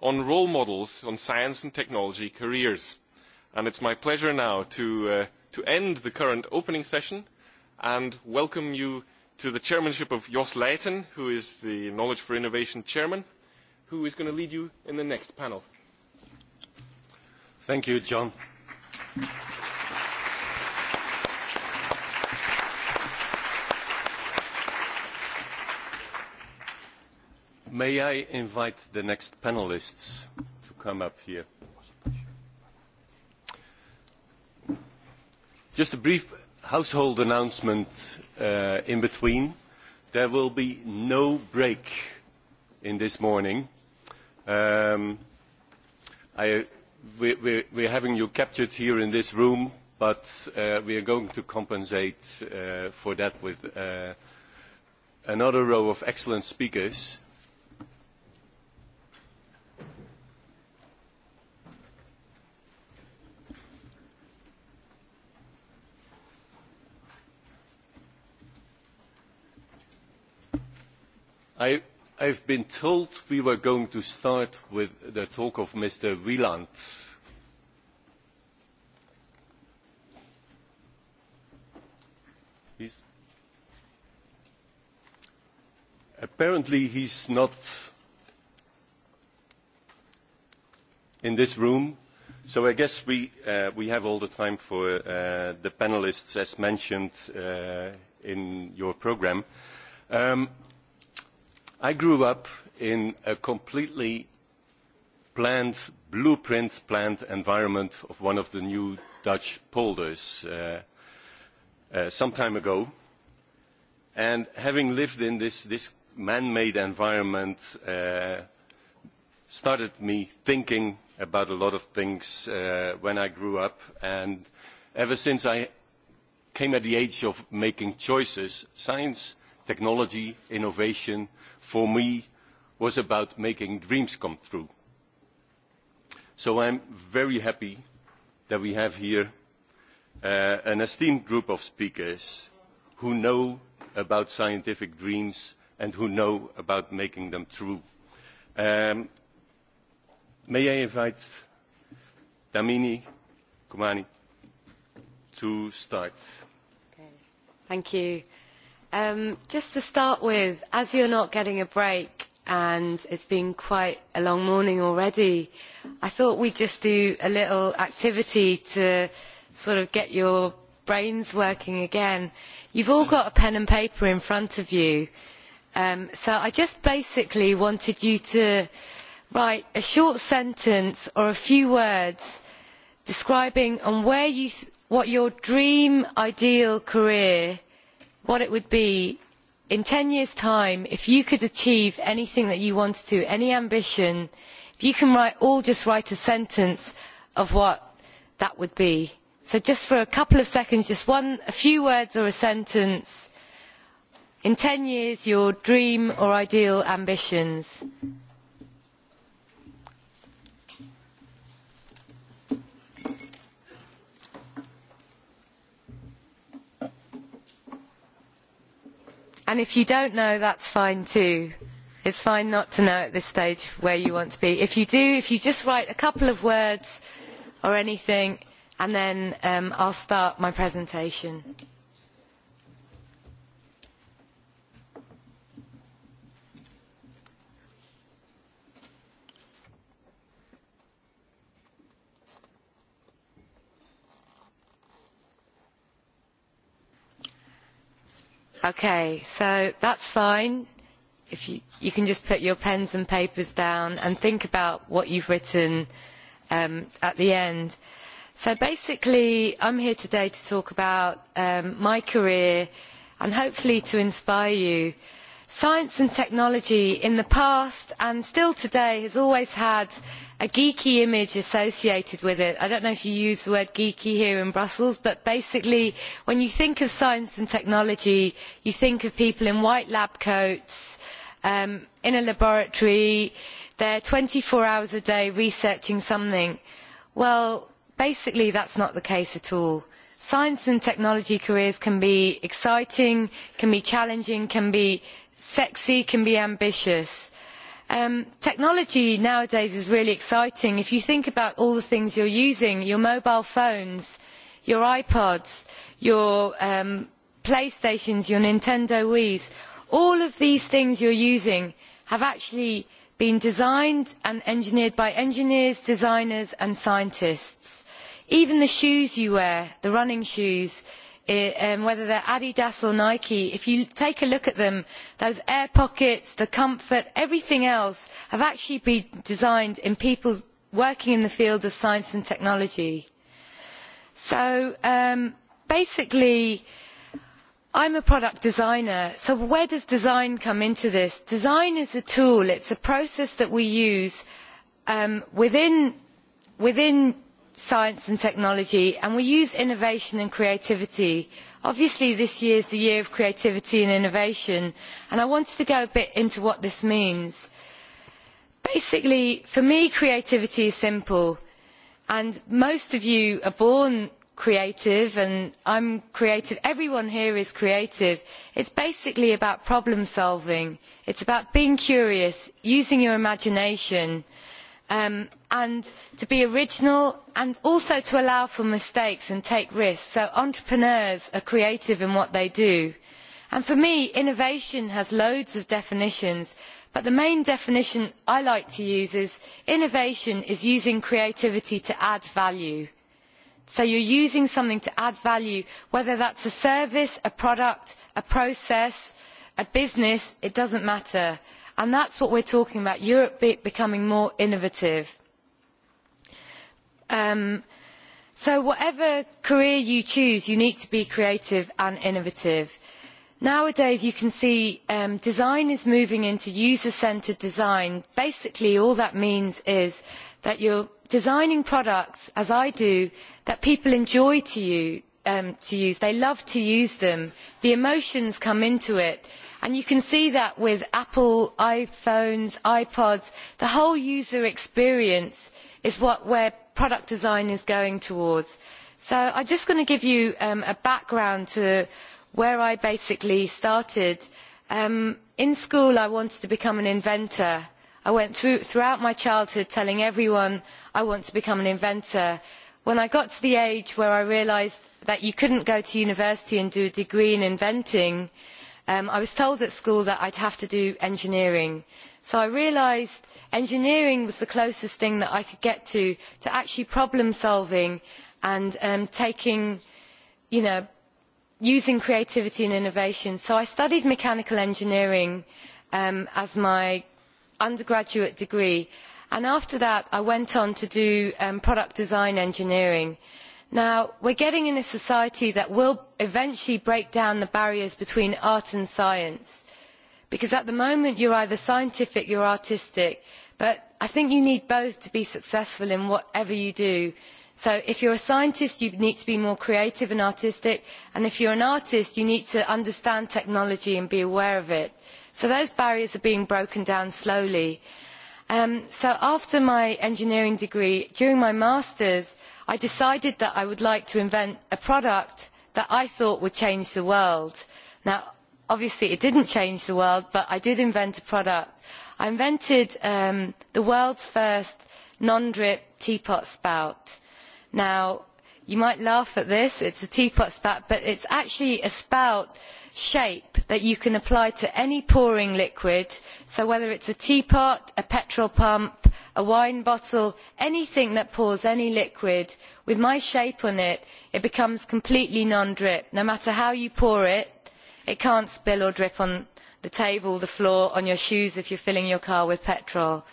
Speaker 1: on role models on science and technology careers. And it's my pleasure now to to end the current opening session and welcome you to the chairmanship of Jos Leijten, who is the Knowledge for Innovation chairman, who is going to lead you in the next panel. Thank you, John.
Speaker 2: May I invite the next panelists to come up here? Just a brief household announcement in between. There will be no break in this morning. We are having you captured here in this room, but we are going to compensate for that with another row of excellent speakers I have been told we were going to start with the talk of Mr. Wieland. Apparently he is not in this room, so I guess we have all the time for the panelists as mentioned in your programme. I grew up in a completely planned, blueprint planned environment of one of the new Dutch polders some time ago. And having lived in this man-made environment started me thinking about a lot of things when I grew up. And ever since I came at the age of making choices, science technology, innovation, for me, was about making dreams come true. So I'm very happy that we have here an esteemed group of speakers who know about scientific dreams and who know about making them true. May I invite Damini Kumani to start.
Speaker 6: Thank you. Just to start with, as you're not getting a break and it's been quite a long morning already, I thought we'd just do a little activity to sort of get your brains working again. You've all got a pen and paper in front of you, so I just basically wanted you to write a short sentence or a few words describing on where you what your dream ideal career what it would be in 10 years' time if you could achieve anything that you wanted to, any ambition, if you can write all just write a sentence of what that would be. So just for a couple of seconds, just one, a few words or a sentence. In 10 years, your dream or ideal ambitions. And if you don't know, that's fine too. It's fine not to know at this stage where you want to be. If you do, if you just write a couple of words or anything, and then I'll start my presentation. Okay, so that's fine. If you, you can just put your pens and papers down and think about what you've written at the end. So basically, I'm here today to talk about my career and hopefully to inspire you. Science and technology in the past and still today has always had a geeky image associated with it. I don't know if you use the word geeky here in Brussels, but basically when you think of science and technology, you think of people in white lab coats, in a laboratory, they're 24 hours a day researching something. Well, basically that's not the case at all. Science and technology careers can be exciting, can be challenging, can be sexy, can be ambitious Technology nowadays is really exciting. If you think about all the things you are using, your mobile phones, your iPods, your PlayStations, your Nintendo Wii's, all of these things you are using have actually been designed and engineered by engineers, designers and scientists. Even the shoes you wear, the running shoes, whether they're Adidas or Nike, if you take a look at them, those air pockets, the comfort, everything else have actually been designed in people working in the field of science and technology. So basically, I'm a product designer, so where does design come into this? Design is a tool, it's a process that we use within science and technology and we use innovation and creativity. obviously this year is the year of creativity and innovation and i wanted to go a bit into what this means. basically for me creativity is simple and most of you are born creative and I'm creative everyone here is creative. it is basically about problem solving it is about being curious using your imagination and to be original and also to allow for mistakes and take risks. So entrepreneurs are creative in what they do. And for me, innovation has loads of definitions, but the main definition I like to use is innovation is using creativity to add value. So you're using something to add value, whether that's a service, a product, a process, a business, it doesn't matter and that is what we are talking about europe becoming more innovative. so whatever career you choose you need to be creative and innovative. nowadays you can see design is moving into user centred design. basically all that means is that you are designing products as i do that people enjoy to use they love to use them the emotions come into it and you can see that with apple iphones ipods the whole user experience is where product design is going towards. so i'm just going to give you a background to where i basically started. in school i wanted to become an inventor. i went throughout my childhood telling everyone i want to become an inventor. when i got to the age where i realised that you couldn't go to university and do a degree in inventing I was told at school that I'd have to do engineering, so I realised engineering was the closest thing that I could get to to actually problem solving and taking, you know, using creativity and innovation. So I studied mechanical engineering as my undergraduate degree, and after that I went on to do product design engineering Now, we're getting in a society that will eventually break down the barriers between art and science, because at the moment you're either scientific, you're artistic, but I think you need both to be successful in whatever you do. So if you're a scientist, you need to be more creative and artistic, and if you're an artist, you need to understand technology and be aware of it. So those barriers are being broken down slowly. So after my engineering degree, during my master's, I decided that I would like to invent a product that I thought would change the world. Now, obviously it did not change the world, but I did invent a product. I invented the world's first non-drip teapot spout. Now, You might laugh at this, it's a teapot spout, but it's actually a spout shape that you can apply to any pouring liquid. So whether it's a teapot, a petrol pump, a wine bottle, anything that pours any liquid, with my shape on it, it becomes completely non-drip. No matter how you pour it, it can't spill or drip on the table, the floor, on your shoes if you're filling your car with petrol.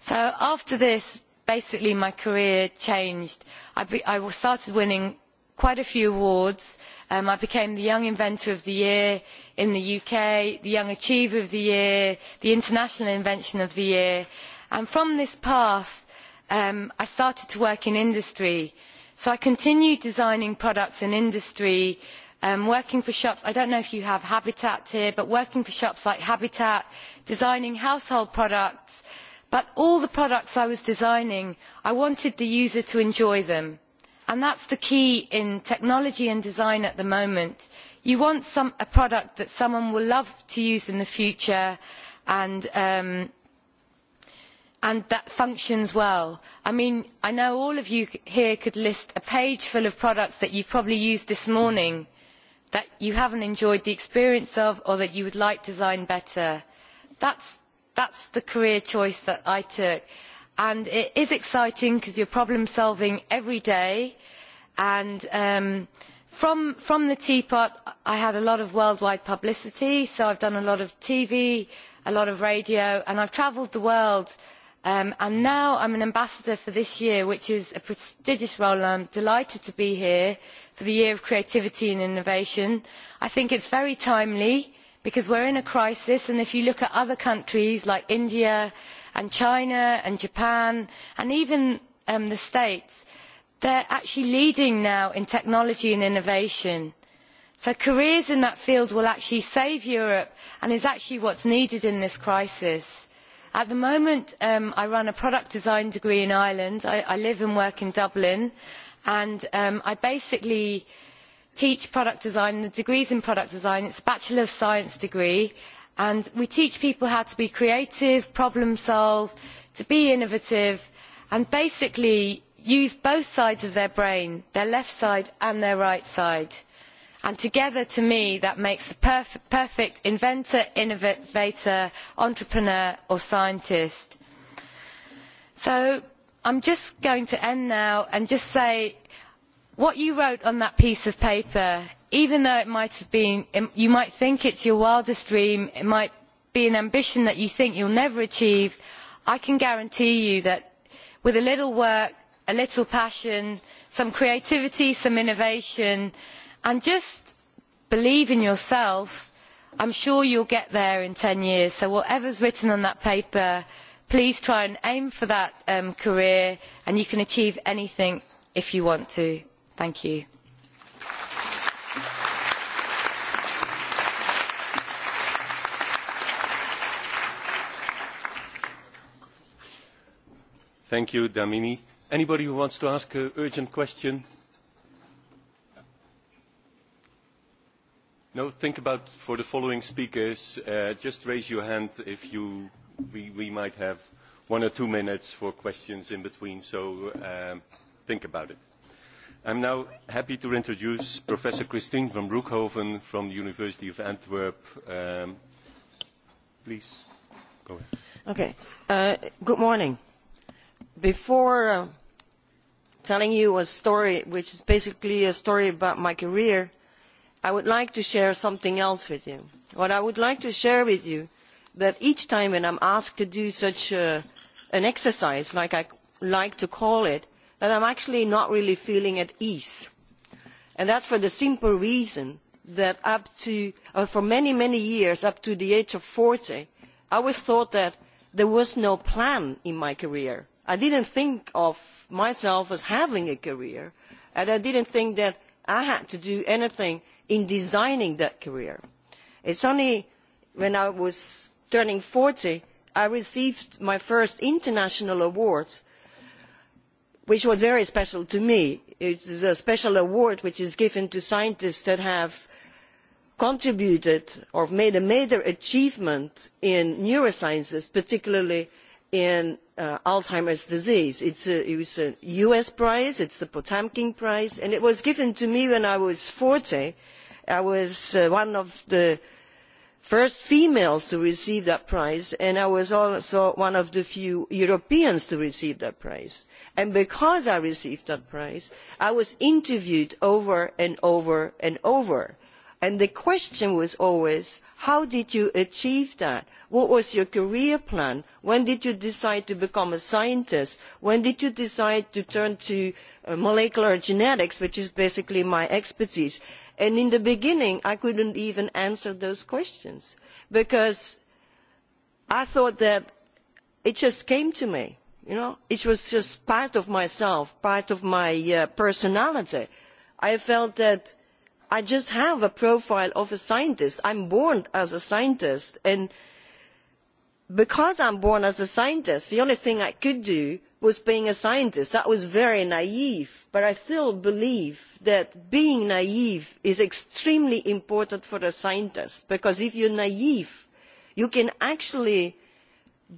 Speaker 6: So after this basically my career changed. I started winning quite a few awards. I became the Young Inventor of the Year in the UK, the Young Achiever of the Year, the International Invention of the Year. And from this past, I started to work in industry. So I continued designing products in industry, working for shops. I don't know if you have Habitat here, but working for shops like Habitat, designing household products but all the products i was designing i wanted the user to enjoy them and that is the key in technology and design at the moment you want a product that someone will love to use in the future and that functions well. i mean, I know all of you here could list a page full of products that you probably used this morning that you haven't enjoyed the experience of or that you would like designed better. That's That's the career choice that I took. And it is exciting because you're problem solving every day. And from the teapot, I had a lot of worldwide publicity. So I've done a lot of TV, a lot of radio, and I've travelled the world. And now I'm an ambassador for this year, which is a prestigious role. and I'm delighted to be here for the Year of Creativity and Innovation. I think it's very timely because we're in a crisis and if you look at other countries like india and china and japan and even the states they actually leading now in technology and innovation so careers in that field will actually save europe and is actually what's needed in this crisis. at the moment i run a product design degree in ireland i live and work in dublin and i basically teach product design the degrees in product design it's a bachelor of science degree and we teach people how to be creative problem solve to be innovative and basically use both sides of their brain their left side and their right side and together to me that makes the perfect inventor innovator entrepreneur or scientist so i'm just going to end now and just say what you wrote on that piece of paper even though it might have been you might think it's your wildest dream it might be an ambition that you think you'll never achieve i can guarantee you that with a little work a little passion some creativity some innovation and just believe in yourself i'm sure you'll get there in 10 years so whatever's written on that paper please try and aim for that career and you can achieve anything if you want to Thank you.
Speaker 2: Thank you, Damini. Anybody who wants to ask an urgent question? No, think about for the following speakers. Just raise your hand if you, we might have one or two minutes for questions in between, so think about it. I am now happy to introduce Professor Christine van Broekhoven from the University of Antwerp. Please,
Speaker 8: go Okay. Good morning. Before telling you a story, which is basically a story about my career, I would like to share something else with you. What I would like to share with you, that each time when I'm asked to do such an exercise, like I like to call it, that I'm actually not really feeling at ease. And that's for the simple reason that up to, for many, many years, up to the age of 40, I always thought that there was no plan in my career. I didn't think of myself as having a career, and I didn't think that I had to do anything in designing that career. It's only when I was turning 40, I received my first international awards which was very special to me. it is a special award which is given to scientists that have contributed or made a major achievement in neurosciences particularly in alzheimer's disease. it was a us prize it the potemkin prize and it was given to me when i was forty i was one of the first females to receive that prize and i was also one of the few europeans to receive that prize and because i received that prize i was interviewed over and over and over and the question was always how did you achieve that what was your career plan when did you decide to become a scientist when did you decide to turn to molecular genetics which is basically my expertise? and in the beginning i couldn't even answer those questions because i thought that it just came to me you know it was just part of myself part of my personality i felt that i just have a profile of a scientist i'm born as a scientist and because i'm born as a scientist the only thing i could do was being a scientist that was very naive but i still believe that being naive is extremely important for a scientist because if you are naive you can actually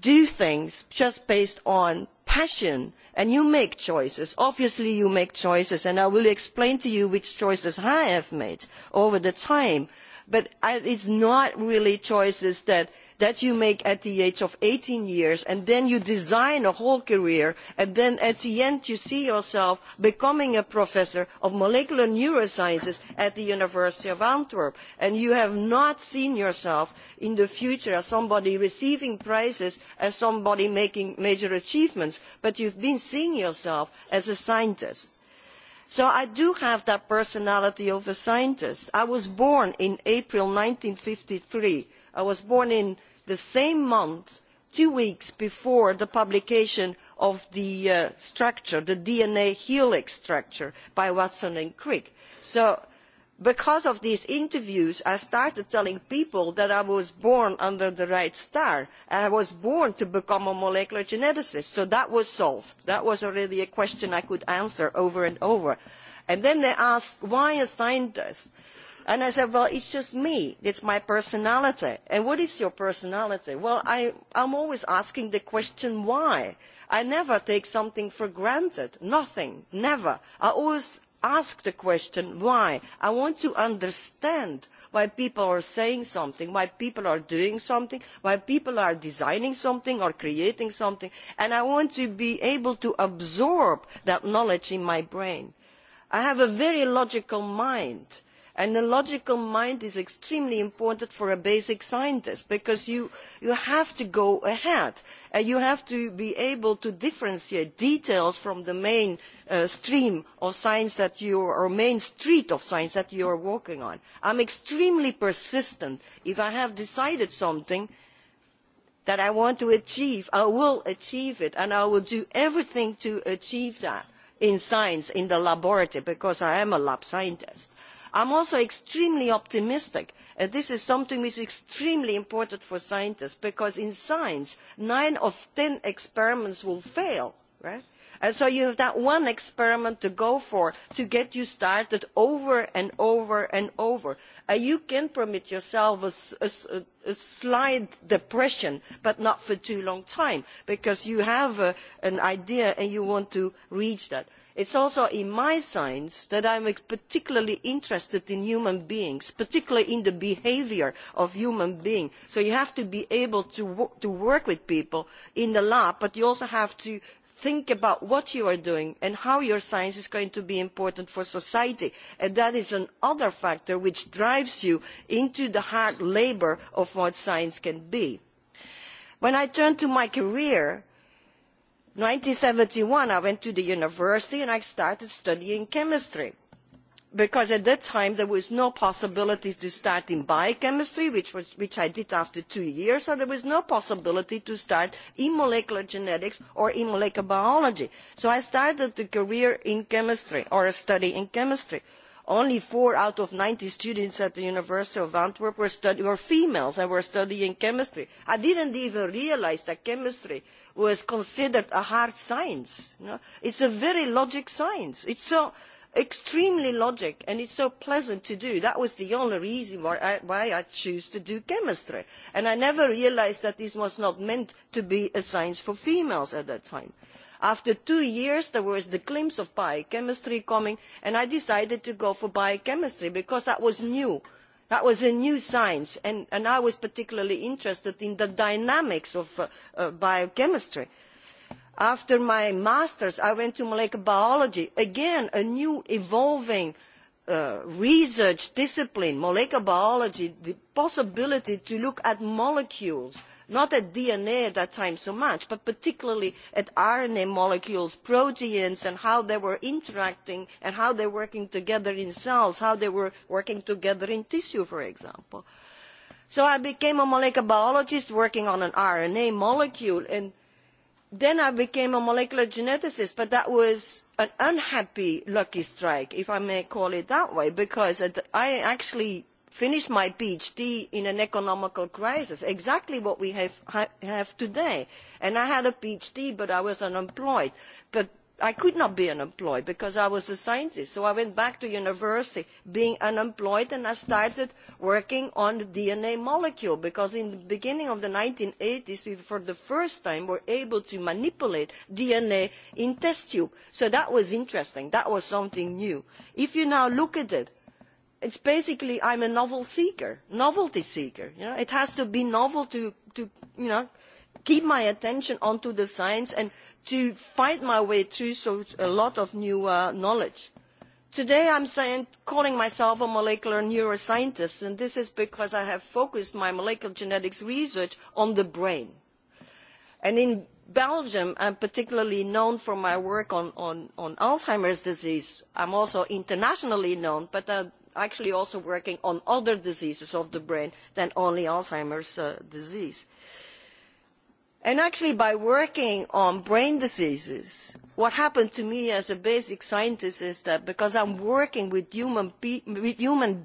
Speaker 8: do things just based on passion and you make choices. obviously you make choices and i will explain to you which choices i have made over the time but it is not really choices that that you make at the age of 18 years and then you design a whole career and then at the end you see yourself becoming a professor of molecular neurosciences at the University of Antwerp and you have not seen yourself in the future as somebody receiving prizes, as somebody making major achievements, but you've been seeing yourself as a scientist. So I do have that personality of a scientist. I was born in April 1953. I was born in the same month two weeks before the publication of the structure the dna helix structure by watson and crick. so because of these interviews i started telling people that i was born under the right star and i was born to become a molecular geneticist so that was solved. that was already a question i could answer over and over. and then they asked why a scientist? And I said, well, it's just me. It's my personality. And what is your personality? Well, I am always asking the question why. I never take something for granted. Nothing. Never. I always ask the question why. I want to understand why people are saying something, why people are doing something, why people are designing something or creating something. And I want to be able to absorb that knowledge in my brain. I have a very logical mind and a logical mind is extremely important for a basic scientist because you have to go ahead and you have to be able to differentiate details from the main stream of science that you or main street of science that you are working on. i am extremely persistent. if i have decided something that i want to achieve i will achieve it and i will do everything to achieve that in science in the laboratory because i am a lab scientist i am also extremely optimistic and this is something which is extremely important for scientists because in science nine of ten experiments will fail and so you have that one experiment to go for to get you started over and over and over. you can permit yourself a slight depression but not for too long time because you have an idea and you want to reach that. It is also in my science that I am particularly interested in human beings, particularly in the behaviour of human beings. So you have to be able to work with people in the lab, but you also have to think about what you are doing and how your science is going to be important for society and that is another factor which drives you into the hard labour of what science can be. when i turn to my career seventy one i went to the university and i started studying chemistry because at that time there was no possibility to start in biochemistry which i did after two years so there was no possibility to start in molecular genetics or in molecular biology so i started a career in chemistry or a study in chemistry only four out of 90 students at the University of Antwerp were females and were studying chemistry. I didn't even realize that chemistry was considered a hard science. It's a very logic science. It's so extremely logic and it's so pleasant to do. That was the only reason why I chose to do chemistry. And I never realized that this was not meant to be a science for females at that time after two years there was the glimpse of biochemistry coming and i decided to go for biochemistry because that was new that was a new science and i was particularly interested in the dynamics of biochemistry. after my masters i went to molecular biology again a new evolving research discipline molecular biology the possibility to look at molecules not at DNA at that time so much, but particularly at RNA molecules, proteins, and how they were interacting and how they were working together in cells, how they were working together in tissue, for example. So I became a molecular biologist working on an RNA molecule, and then I became a molecular geneticist, but that was an unhappy lucky strike, if I may call it that way, because I actually finished my phd in an economic crisis exactly what we have today and i had a phd but i was unemployed but i could not be unemployed because i was a scientist so i went back to university being unemployed and i started working on the dna molecule because in the beginning of the 1980s we for the first time were able to manipulate dna in test tubes so that was interesting that was something new if you now look at it It's basically I'm a novel seeker, novelty seeker. It has to be novel to keep my attention onto the science and to fight my way through a lot of new knowledge. Today I'm calling myself a molecular neuroscientist, and this is because I have focused my molecular genetics research on the brain. And in Belgium, I'm particularly known for my work on Alzheimer's disease. I'm also internationally known, but actually also working on other diseases of the brain than only Alzheimer's disease. And actually by working on brain diseases, what happened to me as a basic scientist is that because I'm working with human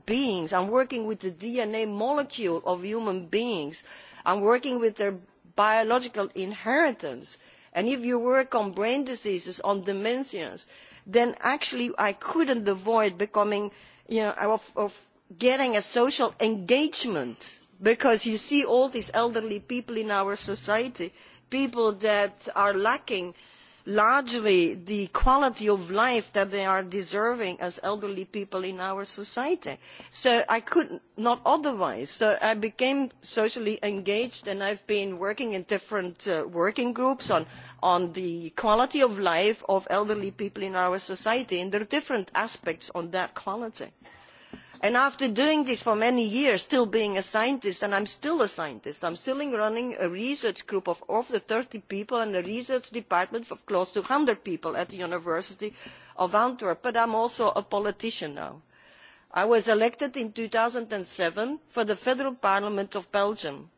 Speaker 8: beings, I'm working with the DNA molecule of human beings, I'm working with their biological inheritance. And if you work on brain diseases, on dementias, then actually I couldn't avoid becoming of getting a social engagement because you see all these elderly people in our society people that are lacking largely the quality of life that they are deserving as elderly people in our society. So I could not otherwise. So I became socially engaged and I've been working in different working groups on the quality of life of elderly people in our society and there are different aspects on that quality and after doing this for many years still being a scientist and i'm still a scientist i'm still running a research group of over 30 people and a research department of close to 100 people at the university of antwerp but am also a politician now i was elected in 2007 for the federal parliament of belgium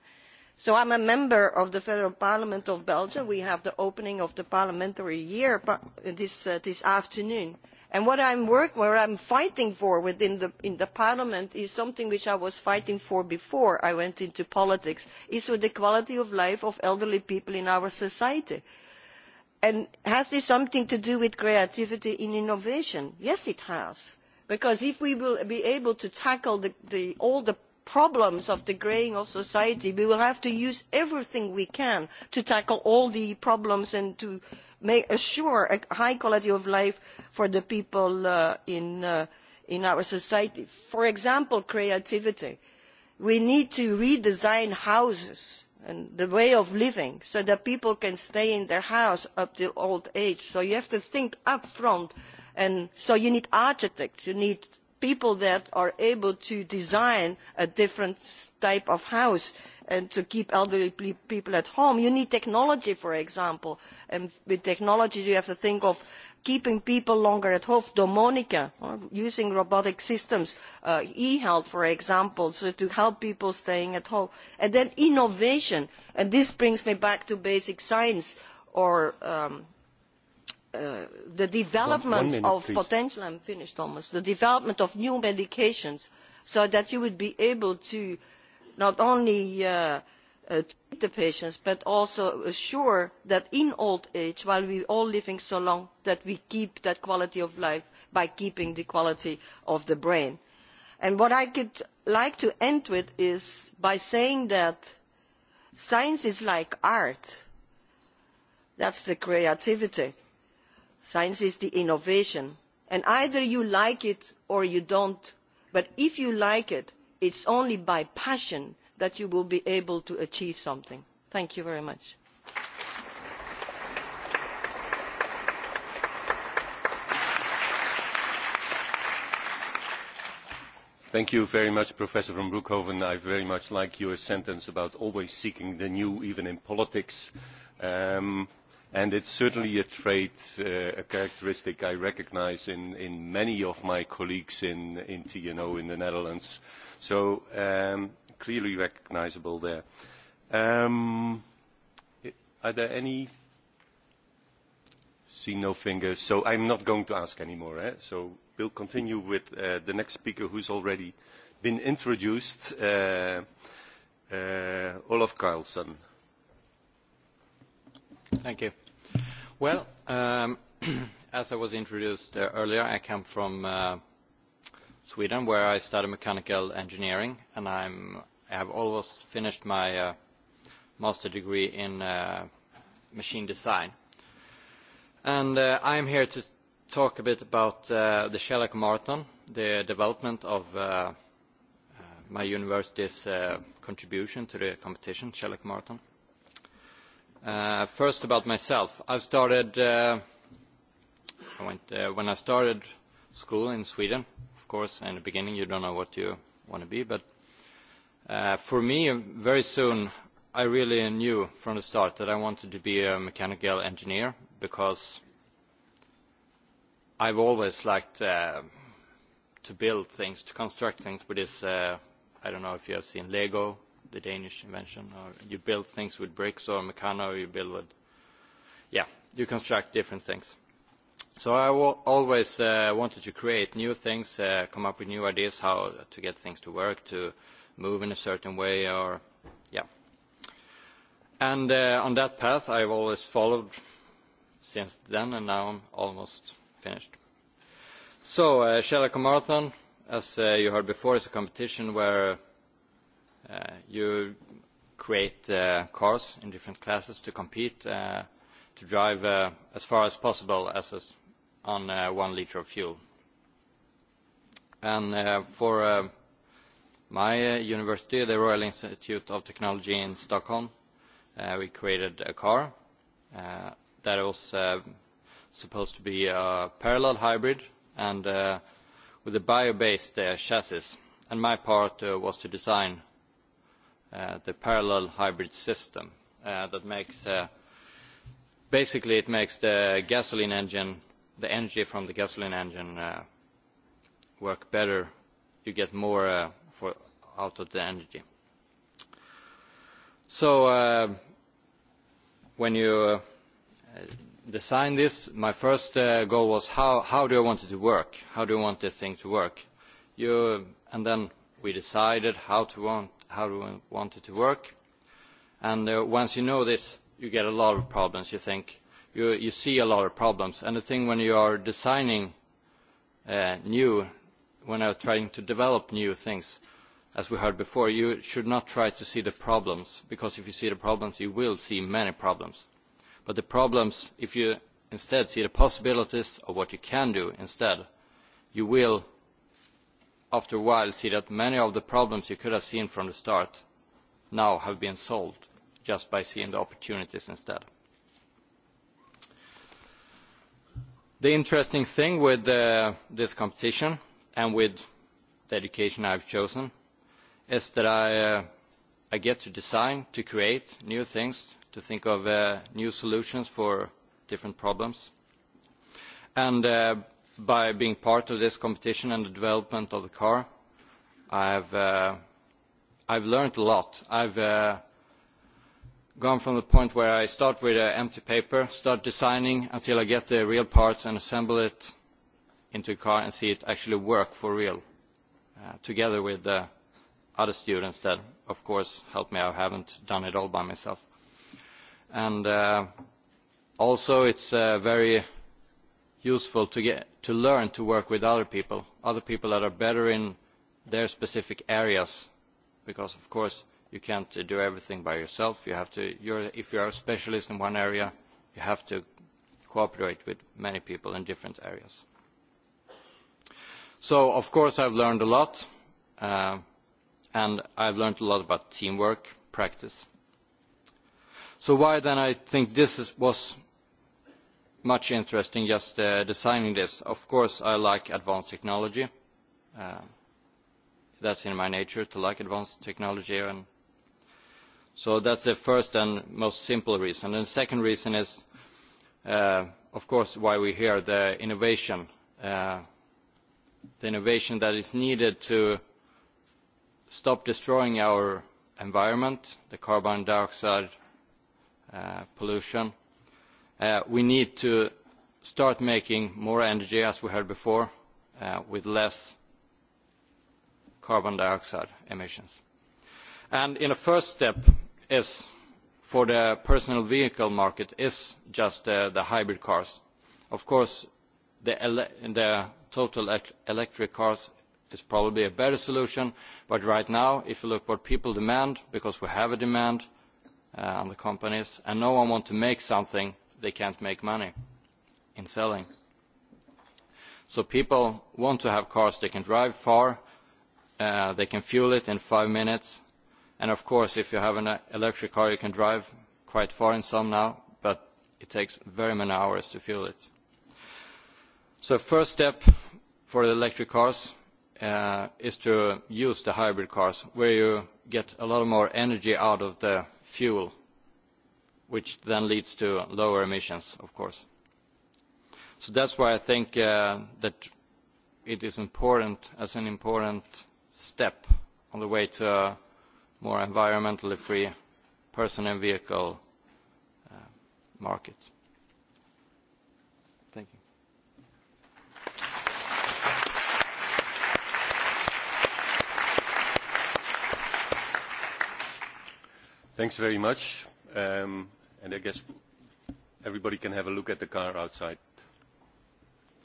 Speaker 8: so i'm a member of the federal parliament of belgium we have the opening of the parliamentary year this afternoon And what I'm working, what I'm fighting for within the in Parliament is something which I was fighting for before I went into politics, is for the quality of life of elderly people in our society. And has this something to do with creativity and innovation? Yes, it has, because if we will be able to tackle all the problems of degrading of society we will have to use everything we can to tackle all the problems and to assure a high quality of life for the people in our society. for example creativity we need to redesign houses and the way of living so that people can stay in their house up to old age so you have to think up front and so you need architects you need people that are able to design a different type of house and to keep elderly people at home. You need technology, for example. And with technology, you have to think of keeping people longer at home, domonica, using robotic systems, e-health, for example, to help people staying at home. And then innovation. And this brings me back to basic science or the development of potential, I'm finished, almost. the development of new medications so that you would be able to not only treat the patients but also assure that in old age, while we are all living so long, that we keep that quality of life by keeping the quality of the brain. And what I could like to end with is by saying that science is like art. That's the creativity Science is the innovation. And either you like it or you don't. But if you like it, it's only by passion that you will be able to achieve something. Thank you very much.
Speaker 2: Thank you very much, Professor van Broekhoven. I very much like your sentence about always seeking the new, even in politics and it's certainly a trait, a characteristic I recognise in many of my colleagues in TNO in the Netherlands. So clearly recognisable there. Are there any? See no fingers, so I'm not going to ask anymore. So we'll continue with the next speaker, who's already been introduced, Olaf Carlson.
Speaker 9: Thank you. Well, as I was introduced earlier, I come from Sweden, where I studied mechanical engineering, and I have almost finished my master degree in machine design. And I am here to talk a bit about the Shellac Martin, the development of my university's contribution to the competition, Shellac Martin. First about myself. I started when I started school in Sweden, of course, in the beginning you don't know what you want to be, but for me, very soon I really knew from the start that I wanted to be a mechanical engineer because I've always liked to build things, to construct things with this, I don't know if you have seen Lego the Danish invention, or you build things with bricks or mechano, you build with, yeah, you construct different things. So I always wanted to create new things, come up with new ideas how to get things to work, to move in a certain way, or, yeah. And on that path I've always followed since then, and now I'm almost finished. So uh Marathon, as you heard before, is a competition where You create cars in different classes to compete, to drive as far as possible on one liter of fuel. And for my university, the Royal Institute of Technology in Stockholm, we created a car that was supposed to be a parallel hybrid and with a bio-based chassis. And my part was to design the parallel hybrid system that makes basically it makes the gasoline engine the energy from the gasoline engine work better you get more out of the energy so when you design this my first goal was how how do i want it to work how do i want the thing to work you and then we decided how to want how do we want it to work? And once you know this, you get a lot of problems, you think. You see a lot of problems. And the thing when you are designing new, when you are trying to develop new things, as we heard before, you should not try to see the problems, because if you see the problems, you will see many problems. But the problems, if you instead see the possibilities of what you can do instead, you will after a while see that many of the problems you could have seen from the start now have been solved just by seeing the opportunities instead. The interesting thing with this competition and with the education I've chosen is that I get to design, to create new things, to think of new solutions for different problems. And by being part of this competition and the development of the car. I've learned a lot. I've gone from the point where I start with an empty paper, start designing until I get the real parts and assemble it into a car and see it actually work for real, together with the other students that, of course, helped me. I haven't done it all by myself. And also, it's very useful to learn to work with other people, other people that are better in their specific areas, because, of course, you can't do everything by yourself. If you are a specialist in one area, you have to cooperate with many people in different areas. So, of course, I've learned a lot, and I've learned a lot about teamwork, practice. So why then I think this was much interesting just designing this. Of course, I like advanced technology. That's in my nature to like advanced technology. and So that's the first and most simple reason. And the second reason is, of course, why we hear the innovation, the innovation that is needed to stop destroying our environment, the carbon dioxide pollution We need to start making more energy, as we heard before, with less carbon dioxide emissions. And in a first step for the personal vehicle market is just the hybrid cars. Of course, the total electric cars is probably a better solution, but right now, if you look what people demand, because we have a demand on the companies, and no one wants to make something they can't make money in selling. So people want to have cars they can drive far, they can fuel it in five minutes, and of course if you have an electric car you can drive quite far in some now, but it takes very many hours to fuel it. So first step for the electric cars is to use the hybrid cars, where you get a lot more energy out of the fuel which then leads to lower emissions, of course. So that's why I think that it is important as an important step on the way to a more environmentally free person and vehicle market. Thank you.
Speaker 2: Thanks very much and I guess everybody can have a look at the car outside.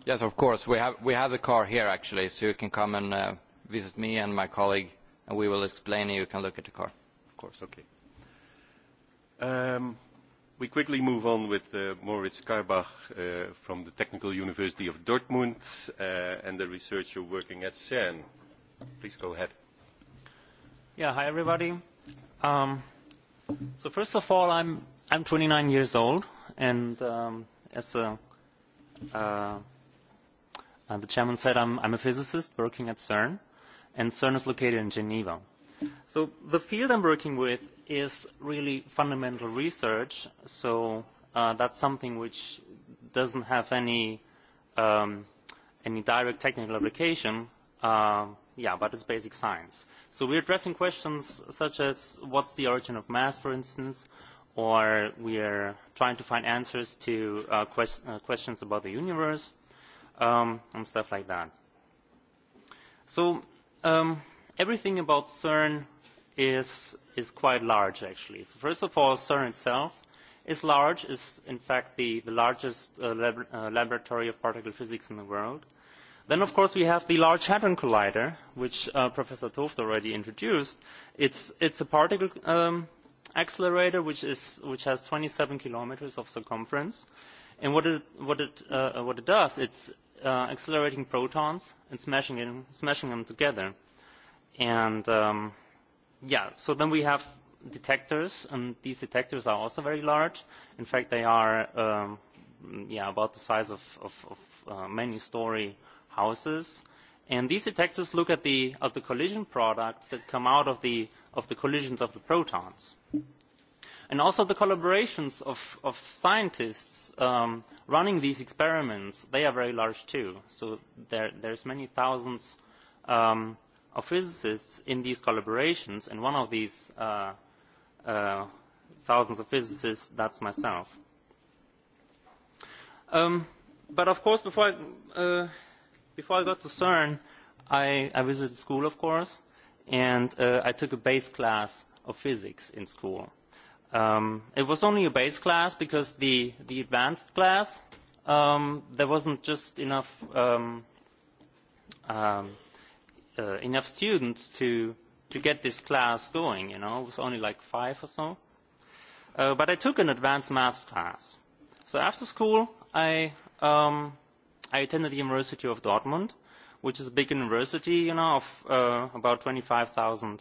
Speaker 9: Yes, of course. We have we have the car here actually, so you can come and visit me and my colleague, and we will explain and you can look at the car. Of course. Okay.
Speaker 2: We quickly move on with Moritz Karbach from the Technical University of Dortmund and the researcher working at CERN. Please go ahead.
Speaker 10: Yeah, hi everybody. So first of all, I'm I'm 29 years old, and as the chairman said, I'm a physicist working at CERN, and CERN is located in Geneva. So the field I'm working with is really fundamental research, so that's something which doesn't have any any direct technical application, yeah, but it's basic science. So we're addressing questions such as what's the origin of mass, for instance, or we are trying to find answers to questions about the universe and stuff like that. So everything about CERN is quite large, actually. So first of all, CERN itself is large, is in fact the largest laboratory of particle physics in the world. Then, of course, we have the Large Hadron Collider, which Professor Toft already introduced. It's a particle accelerator, which has 27 kilometers of circumference. And what it does, it's accelerating protons and smashing them together. And, yeah, so then we have detectors, and these detectors are also very large. In fact, they are, yeah, about the size of many-story houses. And these detectors look at the collision products that come out of the of the collisions of the protons. And also the collaborations of scientists running these experiments, they are very large too. So there are many thousands of physicists in these collaborations, and one of these thousands of physicists, that's myself. But of course, before I got to CERN, I visited school, of course and I took a base class of physics in school. It was only a base class because the the advanced class, there wasn't just enough enough students to to get this class going. You know, it was only like five or so. But I took an advanced maths class. So after school, I I attended the University of Dortmund which is a big university, you know, of about 25,000